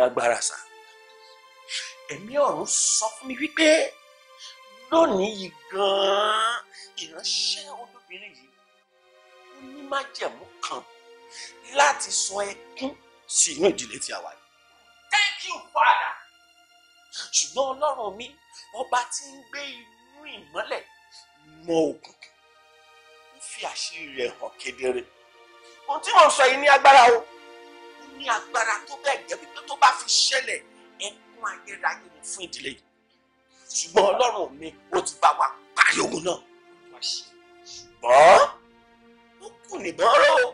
agbára sà ẹ̀mí ọ̀run sọ fún mi wípé lónìí yìí gan-an ìránṣẹ́ olóbìnrin yìí ó ní májẹ̀mú kan láti sọ ẹkún sí inú ìdílé tí a wà yìí. thank you father. ṣùgbọ́n ọlọ́run mi ọba tí ń gbé inú ìmọ́lẹ̀ mọ òkùnkùn ó fi àṣírí rẹ̀ hàn kedere ohun tí mò ń sọ yìí ní agbára o ní agbára tó bẹ́ẹ̀ jẹ́ wípé tó bá fi ṣẹlẹ̀ ẹkún ayérayé ni fún ìdílé yìí ṣùgbọ́n ọlọ́run mi ó ti bá wa parí ogun náà ṣùgbọ́n ó kù nìbọn rò.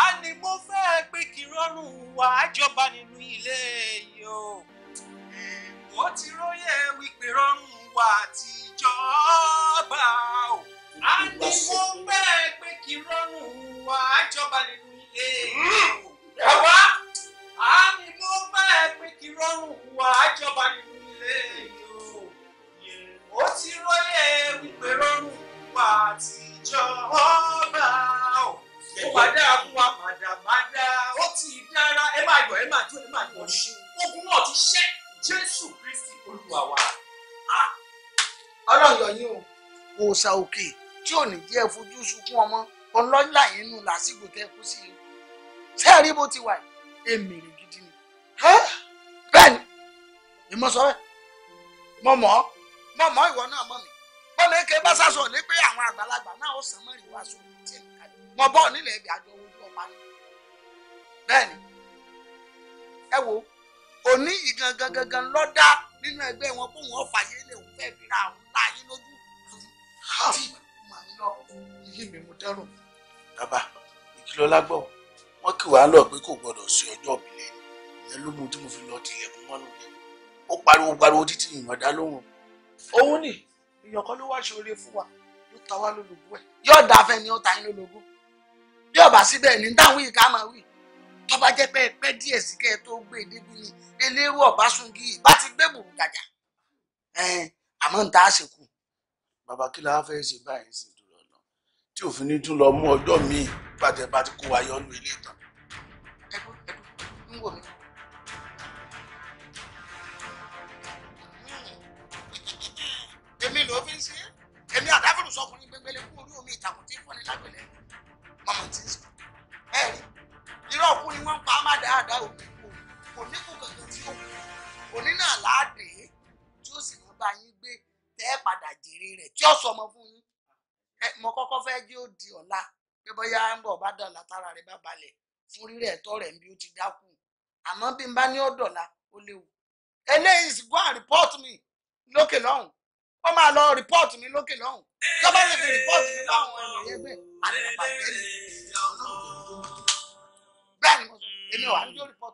a ní mo fẹ́ pé kí rọrùn wà á jọba nínú ilé yìí o wọ́n ti róye wípé rọrùn wà á ti o a ní mo fẹ́ pé kí rọrùn wà á jọba nínú ilé yìí o ẹ̀wá àmì ló bá ẹ pé kí rọrùn wà á jọba nínú ilé ìjọ ó ti róye wípé rọrùn wà àtijọ́ ọba ò ó padà fún wa màdàmádà ó ti dára ẹ máa yọ̀ ẹ máa jó ẹ máa yọ̀ ṣe ogun náà ti ṣẹ́ Jésù Kristi Olúwa wa. Ọlọ́run yọ yín o òòṣà òkè tí ò ní jẹ́ fojú sunkún ọmọ ọlọ́lá yín nù lásìkò tẹ́ sí i ṣé ẹ rí bó ti wà yìí èmèrè gidi ni bẹ́ẹ̀ ni ìmọ̀ sọ bẹ́ẹ̀ mọ̀ mọ́ mọ̀ mọ́ ìwọ náà mọ̀ mi bọ́ọ̀lù èké bá sásọ ní pé àwọn àgbàlagbà náà ó sàn mọ́ ìwà sórí tí ẹ̀ka kalẹ̀ mọ̀ bọ́ọ̀ nílẹ̀ ibi àjọ ojú ọba ni bẹ́ẹ̀ ni ẹ wo òní yìí gangan gangan lọ́dá nínú ẹgbẹ́ wọn kó wọn fàyè lè wọ́n fẹ́ fi ra àwọn láàyè lójú tí màá lọ yí mi mú dẹ́rùn. bàbá ìkìlọ̀ lágbọ̀ọ́ wọ́n kì wá lọ pé kò gbọ́dọ̀ sí ọjọ́ mi lẹ́nu ìyẹn ló mú tí mo fi lọ ti ilẹ̀kùn mọ́nú lẹ́nu ó pariwo pariwo títí ìyàn dá lóhùn òun ni èèyàn kan ló wá ṣoore fún wa ló ta wá lólobó ẹ̀ yóò da afẹ́ ni ó ta yín lólobó bí ọba síbẹ̀ ní dáhùn ìka máa wí tó bá jẹ́ pé ẹ pẹ́ díẹ̀ sí kẹ́ ẹ tó gbé e débi ni elérú ọ̀básùngì bá ti gbé bùrù gàjà àmọ́ ń ta àṣekù bàbá kí la fẹ́ ṣe báyìí sí tí òfin ní tún lọ mú ọjọ́ míì pàtẹ bá ti kó wa yọ lu ilé ìtàn. ẹdùn hmm. èmi ló fi ń ṣe é èmi àdáfẹ́lù sọkùnrin gbẹgbẹlẹ kú orí omi ìtàkùn tí fọ́ni lágbẹ̀lẹ̀ mọ̀mọ́ ti ń sọ. ẹ rí irọ́ òkú ni wọ́n ń pa má dáadáa òkú kò ní kú kankan tí ó kú òní náà láàdé tí ó sì ń bá yín gbé tẹ́ padà jèrè rẹ̀ tí ó sọ ọmọ fún mo kọ́kọ́ fẹ́ jẹ́ ó di ọ̀la pé bóyá ń bọ̀ bá dọ̀la tára rẹ̀ bá balẹ̀ fún rírẹ̀ ẹ̀tọ́ rẹ̀ bí ó ti dákú àmọ́ bí n bá ní ó dọ̀la ó léwu eléyìí sì mi lókè lọ́hùn ó máa lọ bá lè fi mi lọ́hùn ẹ̀rọ yẹn bẹ́ẹ̀ ni bẹ́ẹ̀ ni mo sọ èmi ò wá ní kó tó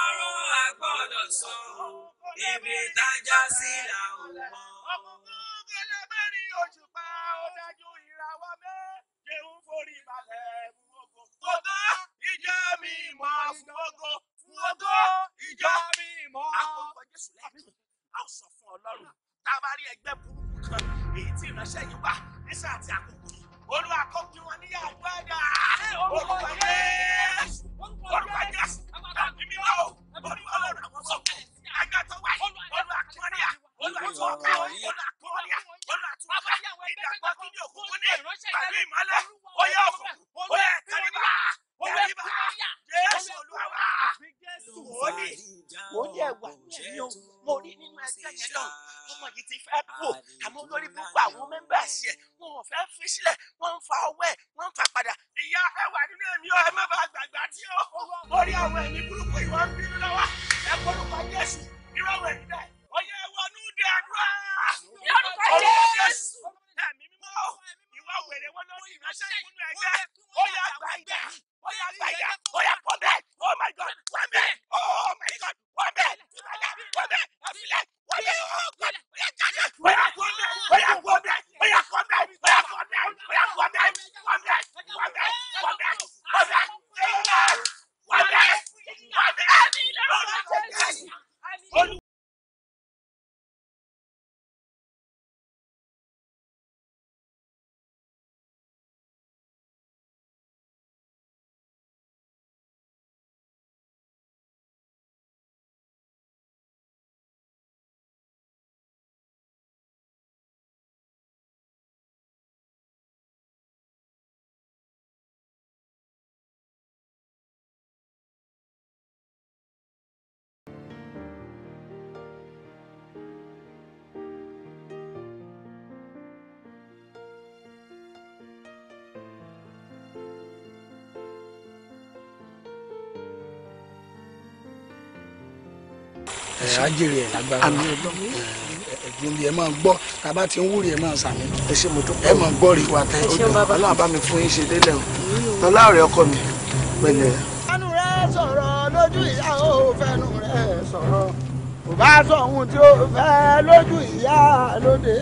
ọ̀rọ̀ àgbọ́dọ̀ sọ ibi ìtajà sí là ó mọ. ọkùnkùn pa ó dájú ìràwọ̀ méje ń forí balẹ̀ fún ogo. ogo ìjọ mi mọ̀ fún ogo fún ogo ìjọ mi mọ̀. àkókò Jésù lẹ́yìn a ó sọ fún Ọlọ́run tá a bá rí ẹgbẹ́ burúkú kan èyí tí ìránṣẹ́ yìí wà ní sáà tí àkókò olúwa kó kí wọn níyà gbọ́dọ̀ olúwa yéésù olúwa yéésù tàbí mi náà olúwa lọ́rọ̀ àwọn sọ́kù agbátọ wa olúwa kí wọn níyà olúwa tó ọkà olúwa kó wọn níyà olúwa tó ọkà ìdàgbọ́ tó ní òkú wọn ní tàbí ìmọ́lẹ̀ oyè òkú oyè kẹrìbà kẹrìbà yéésù olúwa wa jésù wòlíì wòlíì ẹwà lẹ́yìn o mo rí nínú ẹgbẹ́ yẹn náà ọmọ yìí ti fẹ́ kú àmọ́ lórí púpọ̀ àwọn mẹ́mbàsì ẹ̀ wọn ò fẹ́ fi sílẹ̀ wọ́n ń fa ọwọ́ ẹ̀ wọ́n ń fa padà ìyá ẹwà nínú ẹ̀mí ọ ẹ má bàa gbàgbà tí ó mo rí àwọn ẹ̀mí burúkú ìwọ ń bínú lọ́wọ́ ẹ kórúkọ jésù irú àwọn ẹ̀mí dà Oh my God, woman! Oh my God, Woman, woman, I feel like woman. Oh God! woman. are women? Where woman. women? Where are woman. Where are women? woman. are women? Women! woman. ẹ á jèrè ẹ lágbára ẹdùn ẹ máa gbọ́ tá ti ń wúri ẹ máa sàmì ẹ ṣe mo ẹ máa gbọ́ rí wa tẹ ọdún Ọlọ́run bá mi fún yín ṣe délẹ o tọlá ọ̀rẹ́ ọkọ mi pẹ̀lẹ́. ẹnu rẹ sọ̀rọ̀ lójú ìyá o fẹnu rẹ sọ̀rọ̀ kò bá sọ ohun tí ó fẹ́ lójú ìyá lóde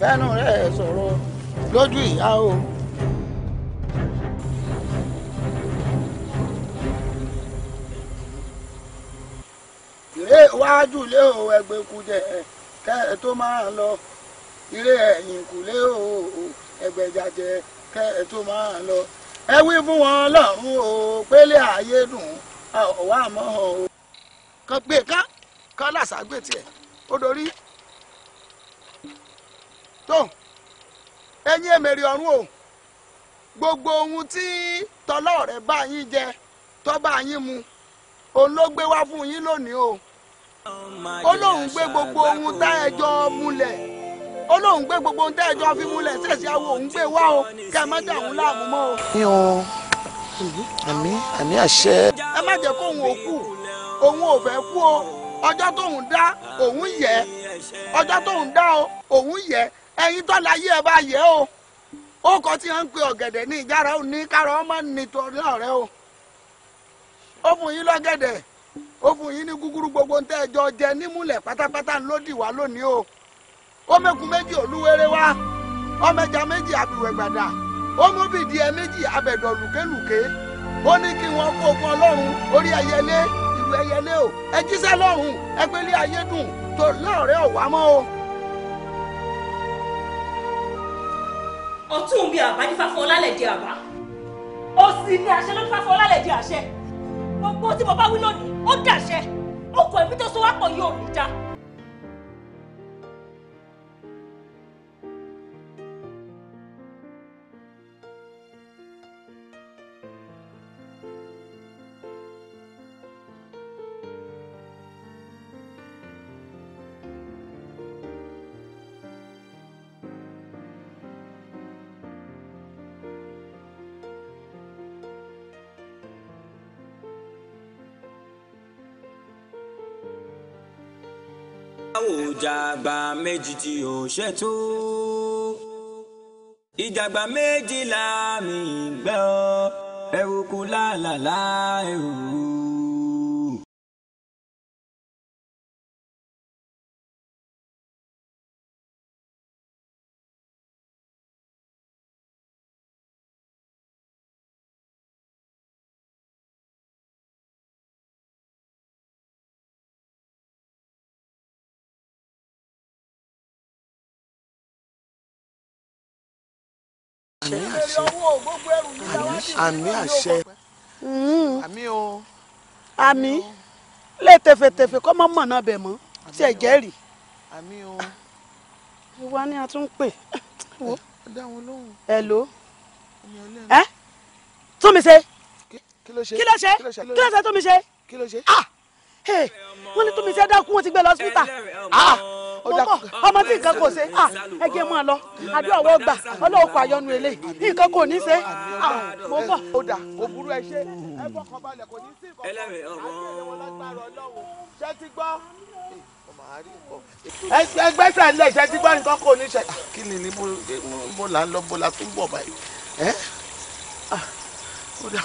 fẹnu rẹ sọ̀rọ̀ lójú ìyá o. wájú lé o ẹgbẹ́ kújẹ kẹ́ ẹ tó máa lọ ilé ẹ̀yìn kù lé o ẹgbẹ́ jàjẹ kẹ́ ẹ tó máa lọ ẹ wí fún wọn lọ́rùn o pélé ayé dùn ọ̀wá mọ́ o. kan gbé ká kan làṣà gbé tiẹ̀ ó dorí tó ẹ̀yin èmèrè ọ̀run o gbogbo ohun tí tọ́lọ́ bá yín jẹ tó bá yín mu òun ló gbé wá fún yín lónìí o ó lóun gbé gbogbo ohun tá ẹjọ́ múlẹ̀ ó lóun gbé gbogbo ohun tá ẹjọ́ fi múlẹ̀ ṣèṣì awo òun gbé wá o kẹ ẹ má jà òun láàmú mọ́ o. ní o àmì àmì àṣẹ. ẹ má jẹ́ kóun ò kú òun ò fẹ́ kú o ọjọ́ tóun dá òun yẹ ọjọ́ tóun dá òun yẹ ẹ̀yin tó láyé ẹ bá yẹ o ó kọ tí wọn ń pe ọ̀gẹ̀dẹ̀ ní ìjára ò ní kárọ̀ ọmọ nítorí ọ̀rẹ́ o ó fún yín lọ́gẹ̀dẹ̀ ó fún yín ní gúgúrú gbogbo ń tẹ́ ẹjọ́ jẹ nímúlẹ̀ pátápátá lódì wá lónìí o ó mẹ́kun méjì olúwere wá ọmẹja méjì abìwẹ̀gbàdà ó mú bìdí ẹ méjì abẹ̀dọ̀ lùkélùké ó ní kí wọ́n kó ogun ọlọ́run orí ẹyẹlé ìlú ẹyẹlé o ẹ jíṣẹ́ lọ́run ẹgbẹ́lé ayé dùn tó lọ́ọ̀rẹ́ ọ̀wá mọ́ o. ọtún bíi àbájífáfọ́ lálẹ́ di àbá ó sì ní àṣẹ ló fáfọ́ lálẹ́ di àṣẹ gbogbo tí mo bá wí lónìí ó dàṣẹ ó kọ èmi tó so wá pọ̀ yóò rí ìjàgbá méjì tí ò ṣètò ìjàgbá méjì láàmì ìgbẹ́ ọ ẹ̀rù kù láàlàlá ẹ̀rù. àṣẹ àmì àṣẹ mm-hmm. àmì o. àmì lè tẹ̀fẹ̀tẹ̀fẹ̀ kọ́ mọ́ mọ̀nà bẹ̀ mọ́ tí ẹ̀ jẹ́ rì. àmì o. ìwà ni a tún ń pè. hello. ẹ tún mi ṣe. kí ló ṣe kí ló ṣe kí ló ṣe tún mi ṣe. kí ló ṣe. ah wọ́n ní tún mi ṣe dákú wọ́n ti gbé lọ hospital. ah mọ́kọ̀ ọmọ tí nǹkan kò ṣe ẹ jẹ́ máa lọ àdúrà wọ́n gbà ọlọ́wọ́ kọ àyọnu èlé nǹkan kò ní ṣe mọ́kọ̀. ó dà kò burú ẹ ṣe ẹ fọkàn balẹ̀ kò ní sí ìkọ̀kọ̀ ẹlẹ́rìí ọ̀wọ́n ṣe ti gbọ́ ẹgbẹ́sẹ̀ ńlẹ̀ ṣe ti gbọ́ nǹkan kò ní ṣe. kí ni eh, mo là ń lọ bó la tún bọ̀ báyìí ẹ́ ó dà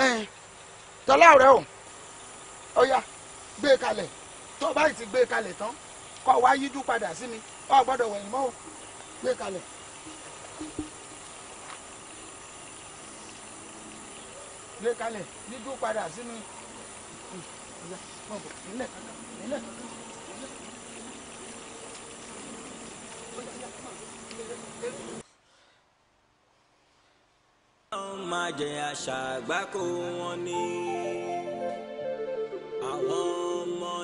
ẹ́ tọ́lá rẹ o ó yá gbé e kalẹ̀ tó báyìí ti gbé e kalẹ̀ tán kọ́ wá yíjú padà sí mi ọ gbọ́dọ̀ wẹ̀yìn mọ́ gbé kalẹ̀. gbé kalẹ̀ yíjú padà sí mi. nílẹ̀ àṣà àgbákò wọn ni àwọn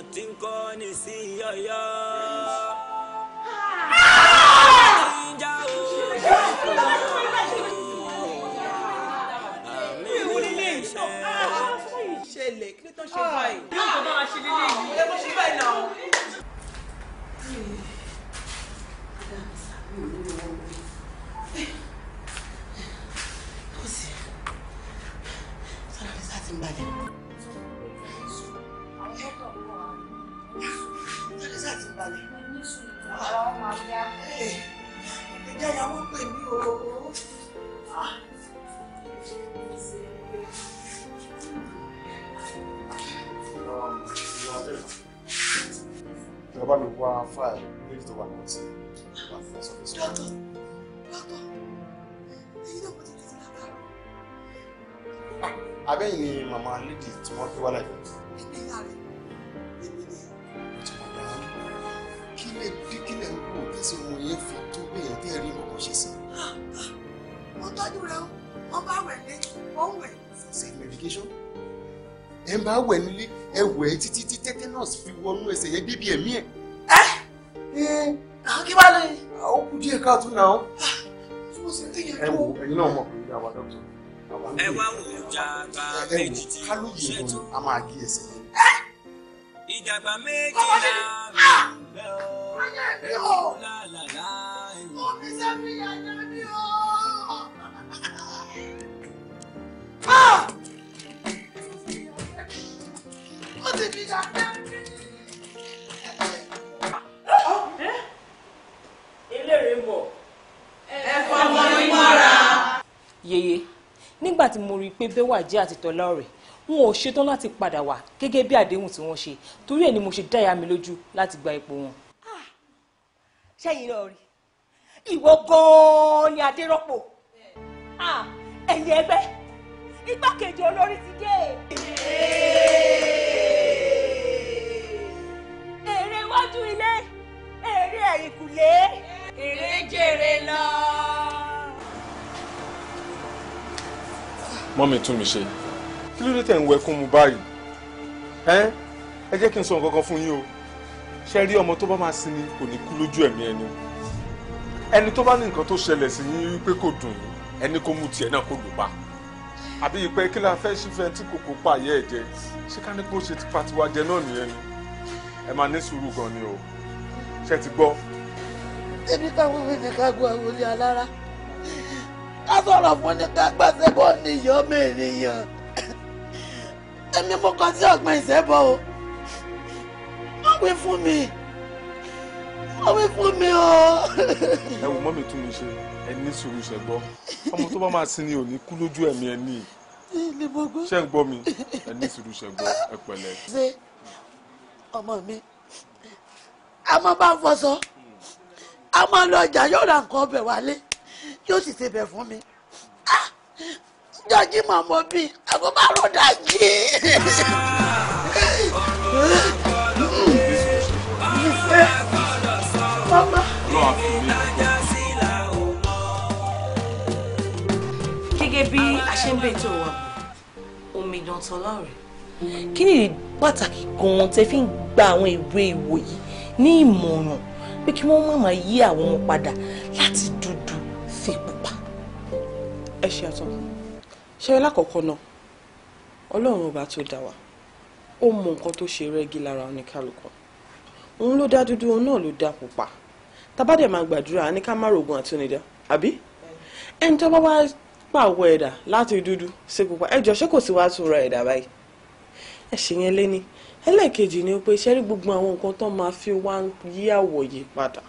ìmọ̀ tí ń kọ́ ni sí yọ̀yọ́. ṣẹlẹ̀ kí ló tán ṣe báyìí. yóò tó máa ṣe lílé yìí. ẹ bó ṣe báyìí náà. ó sì sára ní sá ti ń balẹ̀. balẹ̀. ẹja ìyàwó pè mí o. ìjọba mi wá fáìlì méjì tó wà ní ọtí wà fún ọsọ fẹsọ. dọ́tọ̀ dọ́tọ̀ èyí náà kò tètè ti abẹ́yìn ni màmá lédè tí wọ́n fi wá láìpẹ́. tí wọn yẹn fi tó bẹ́ẹ̀ bẹ́ẹ̀ rí ọkọ̀ ṣe sí. mo tọ́jú rẹ o wọ́n wẹ̀ ní ó wẹ̀. medication ẹ bá wẹ̀ nílé ẹ wẹ̀ títí tí tetanus fi wọnú ẹsẹ̀ yẹn débi ẹ̀mí ẹ̀. ẹ ẹ àwọn kí wá lè. ó kú díẹ̀ káàtó náà. mo sì ń náà mọ̀ pé ìyá wa dọ́kítọ̀. ẹ wá wò ó jà bá méjì tí ṣe tó. a máa kí ẹsẹ̀ yẹn. ìjàgbá méjì náà lọ. Ah! ọmọ yẹn mi o òbí sẹ́mi yàyà mi o. ó ti fi yàgbẹ́ mi. eléèrè ń bọ̀ ẹ fọmọ mi mọ́ra. yèyé nígbà tí mo rí i pé Bẹ́wàjí àti Tọ́lá ọ̀rẹ́ wọn ò ṣetán láti padà wá gẹ́gẹ́ bí àdéhùn tí wọ́n ṣe torí ẹ̀ ni mo ṣe dá mi lójú láti gba ipò wọn sẹ́yìn lọ rí ìwọ gan-an ni adérọ́pò ẹ̀yìn ẹgbẹ́ igbákejì olórí ti dé. èrè iwájú ilé èrè ẹ̀yìnkùlé. èrè jèrè lọ. mọ́mí tún mi ṣe kí ló dé tẹ̀ ń wẹkún mu báyìí ẹ jẹ́ kí n sọ nǹkan kan fún yín o ṣe rí ọmọ tó bá máa sinmi kò ní kú lójú ẹ̀mí ẹni ẹni tó bá ní nǹkan tó ṣẹlẹ̀ sí yín wípé kò dùn yín ẹni kò mú tiẹ̀ náà kò lù pa àbí ìpẹ́ kí la fẹ́ ṣífẹ́ tí kòkó pa àyẹ́ ẹ̀ jẹ ṣé ká ní kó ṣe tipa tiwa jẹ náà nìyẹn ẹ máa ní sùúrù gan ni o ṣe ti gbọ́. ebi káwọn fi fi kágun àwọn olè alára ká sọ̀rọ̀ fún ni ká gbàṣẹ́ bọ́ ni ìyọ́ mi ènìyàn èmi mo kàn sí ọ̀gbìn ìṣẹ́bọ̀ o má wí fún mi má wí fún mi o. ẹ wò mọ́ mi tún mi ṣe ẹ ní sùúrù ṣe gbọ́ ọmọ tó bá máa sin ni ò ní kú lójú ẹ̀mí ẹ ní ṣe ń gbọ́ mi ẹ ní sùúrù ṣe gbọ́ ẹ pẹ̀lẹ́. ṣé ọmọ mi a máa bá ń fọṣọ a máa lọ ọjà yóò ra nǹkan ọbẹ̀ wálé yóò sì ṣe bẹ̀ fún mi jọjí màmọ́ bíi àgọ́ bá ìfẹ́ bàbá. gẹ́gẹ́ bí a ṣe ń bẹ̀ tó wà omidan kí ni pàtàkì gan-an tẹ fi ń gba àwọn ìwé ìwòyí ní ìmọ̀ràn pé kí wọ́n má máa yí àwọn ọmọ padà láti dúdú sí pupa. ẹ ṣe àtọ́ ṣe lákọ̀ọ́kọ́ náà ọlọ́run ọba tó dá wa ó mọ nǹkan tó ṣe rẹ́gí lára oníkálukú òun ló dá dúdú òun náà ló dá pupa tabadẹ máa gbàdúrà ní ká má rògùn àti onídà àbí ẹni tó bá wá pàwọ ẹ̀dà láti dúdú sí pupa ẹjọ ṣé kò sí wàá tún ra ẹ̀dà báyìí ẹ ṣe yẹn lé ní ẹlẹ́ẹ̀kejì ni pé ṣẹ́rí gbogbo àwọn nǹkan tó máa fi wá yí àwọ̀ yìí padà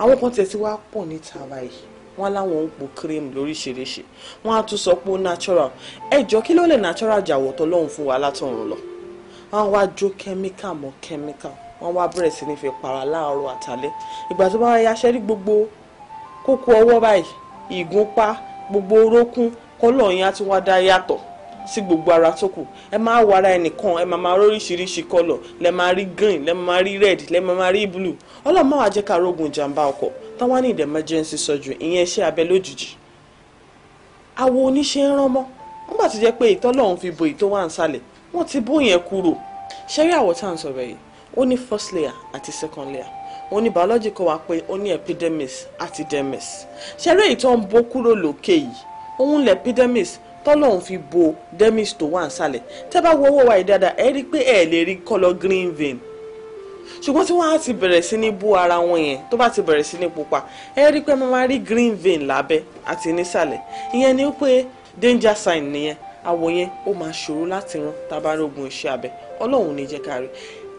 àwọn kan tẹ̀sí wá pọ̀ níta báyìí wọ́n láwọn ń po cream lóríṣiríṣi wọ́n á tún sọ pé ó natural ẹjọ́ kí ló lè natural jàwọ̀ tọ́lọ́hún fún wa látọ̀run lọ wọ́n wá jó kẹ́míkà mọ́ kẹ́míkà wọ́n wá bẹ̀rẹ̀ sí ní fi para láàárọ̀ àtàlẹ́ ìgbà tó bá wáyé aṣẹ́ rí gbogbo kókó ọwọ́ báyìí ìgúnpá gbogbo orókún kọ́lọ̀ yẹn á tún wá dá yàtọ̀ sí gbogbo ara tó kù ẹ máa wọ ara ẹnìkan ẹ máa máa róríṣiríṣi kọ́lọ̀ lẹ máa rí green lẹ máa rí red lẹ máa rí blue ọlọ́run máa wá jẹ́ ká rógun ìjàmbá ọkọ̀ táwọn ní emergency surgery ìyẹn iṣẹ́ abẹ lójijì àwo oníṣe ń rán mọ́ nígbà tó jẹ́ pé ìtọ́lọ́run fi bo ìtọ́wà ń sálẹ̀ wọ́n ti bó yẹn kúrò ṣẹ́rí àwọ̀ tá ń sọ̀rọ̀ yìí ó ní first layer àti second layer ó ní biology kọ́ wa pé ó ní epidermis àti dermis ṣẹ́rí èyí tó ń bó kúrò lókè yìí òun lẹ̀ epidermis tọ́lọ́hún fi bo dermis tó wà nísàlẹ̀ tẹ́ bá wo owó wa yìí dáadáa ẹ rí i pé ẹ lè rí color green vein ṣùgbọ́n tí wọ́n á ti bẹ̀rẹ̀ sí ní bú ara wọn yẹn tó bá ti bẹ̀rẹ̀ sí ní pupa ẹ rí i pé mo máa rí green vein lábẹ́ àti nísàlẹ̀ ìyẹn ni pé danger sign nìyẹn àwọ̀ yẹn ó máa ṣòro láti rán tábàárò ogun iṣẹ́ abẹ ọlọ́run ní jẹ́ ká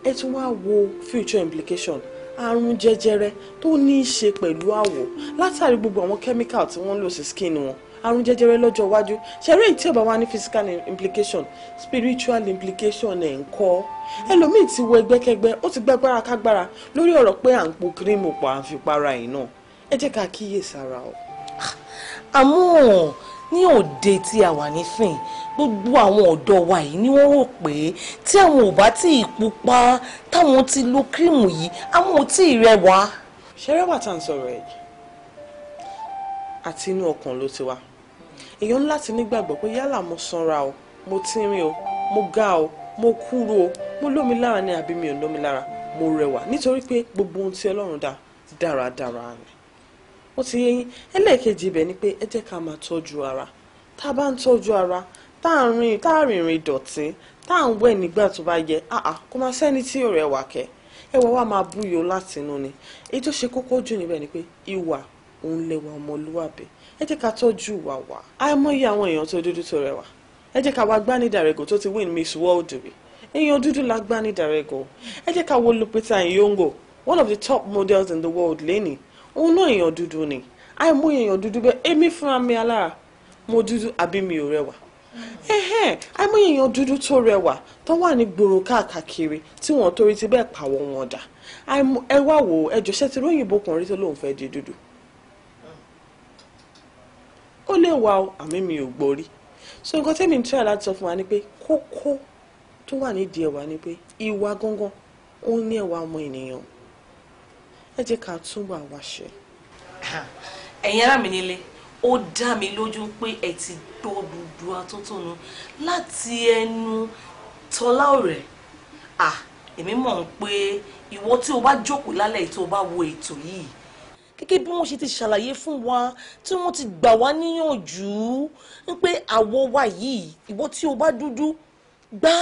ẹ tún wá wo future implication àrùn jẹjẹrẹ tó ní í ṣe pẹ̀lú àwọ̀ látàrí gbogbo àwọn chemical tí wọ́n lò sí skin wọn àrùn jẹjẹrẹ lọ́jọ́ iwájú ṣẹ̀rí tí ó bá ní physical implication spiritual implication ẹ̀ ń kọ́ ẹlòmíì ti wọ ẹgbẹ́kẹgbẹ́ ó ti gbẹ́gbára kágbára lórí ọ̀rọ̀ pé à ń po kírímù pa à ń fi para ẹ̀ náà ẹ jẹ́ ká kíyè o. àmọ́ ní òde tí a wà nísìn gbogbo àwọn ọ̀dọ́ wa yìí ni wọ́n rò pé tí àwọn ò bá tí ì pupa táwọn ti lo kírìmù yìí àwọn ò tí ì rẹwà. ṣẹ́rẹ́ wà tá à ń sọ̀rọ̀ ẹ̀ àti inú ọkàn ló ti wá èèyàn ńlá ti nígbàgbọ́ pé yálà mo sanra o mo tínrín o mo ga o mo kúrú o mo lómi lára ni àbí mi ò lómi lára mo rẹwà nítorí pé gbogbo ohun tí Ọlọ́run dá dáradára ni ó ti yé yín ẹlẹ́ẹ̀kejì ibẹ̀ ni pé ẹ jẹ́ ká máa tọ́jú ara tá a bá ń tọ́jú ara tá a rìn tá a rìnrìn dọ̀tí tá a ń wẹ̀ nígbà tó bá yẹ kó máa sẹ́ni tí ò rẹwà kẹ́ ẹ wọ́n wá máa búyọ láti inú ni èyí tó ṣe kókó jù níbẹ̀ ni pé ìwà òun lẹwà ọmọlúwàbí ẹ jẹ́ ká tọ́jú ìwà wa àìmọye àwọn èèyàn tó dúdú tó rẹwà ẹ jẹ́ ká wá Gbanidarego tó ti win Miss World rí èèyàn dúdú la Gbanidarego ẹ jẹ́ ká wo Lupita Nyong'o one of the top models in the world lẹ́nìí òun náà èèyàn dúdú ni àìmọye èèyàn dúdú bẹ́ẹ̀ èmi fúnra mi alára mo dúdú àbí mi ò rẹwà àìmọye èèyàn dúdú tó rẹwà tó wà ní gbòòrò káàkiri tí wọ́n torí ti bẹ́ẹ̀ pàwọ́ wọn dà ẹ wá wò ó ẹjọ́ ṣẹ́ ti lóyìnbó kan tó lóun fẹ́ di dúdú ó lè wà ó àmì mi ò gbórí so nǹkan tẹ́mi ń tíra láti sọ fún wa ni pé kókó tó wà nídìí ẹ̀wà ni pé ìwà gangan ó ní ẹ̀wà ọmọ ènìyàn ẹ jẹ́ ká túngbà wá ṣe. ẹ̀yin ará mi nílé ó dá mi lójú pé ẹ ti gbọ́ gbogbo atótónu láti ẹnu tọ́lá ọ̀rẹ́ à èmi mọ̀ ń pé ìwọ tí o bá jókòó lálẹ́ tó o bá wo ètò yìí gẹ́gẹ́ bí wọ́n ṣe ti ṣàlàyé fún wa tí wọ́n ti gbà wá níyànjú ń pé àwọ̀ wa yìí ìwọ tí o bá dúdú gbá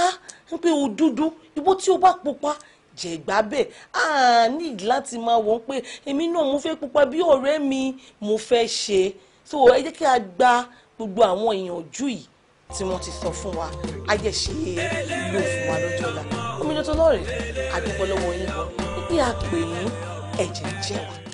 ń pé o dúdú ìwọ tí o bá pupa jẹ̀gbábẹ̀ a need láti máa wọ́n pé èmi náà mo fẹ́ pupa bí ọ̀rẹ́ mi mo fẹ́ ṣe so ẹ jẹ́ kí a gba gbogbo àwọn ìyànjú yìí tí wọ́n ti sọ fún wa á jẹ́ ṣe ìlú fún wa lọ́jọ́ ọ̀la omi lọ́tọ́ lọ́rẹ̀ẹ́ àdúgbò lọ́wọ́ yín pé a pè yín wa.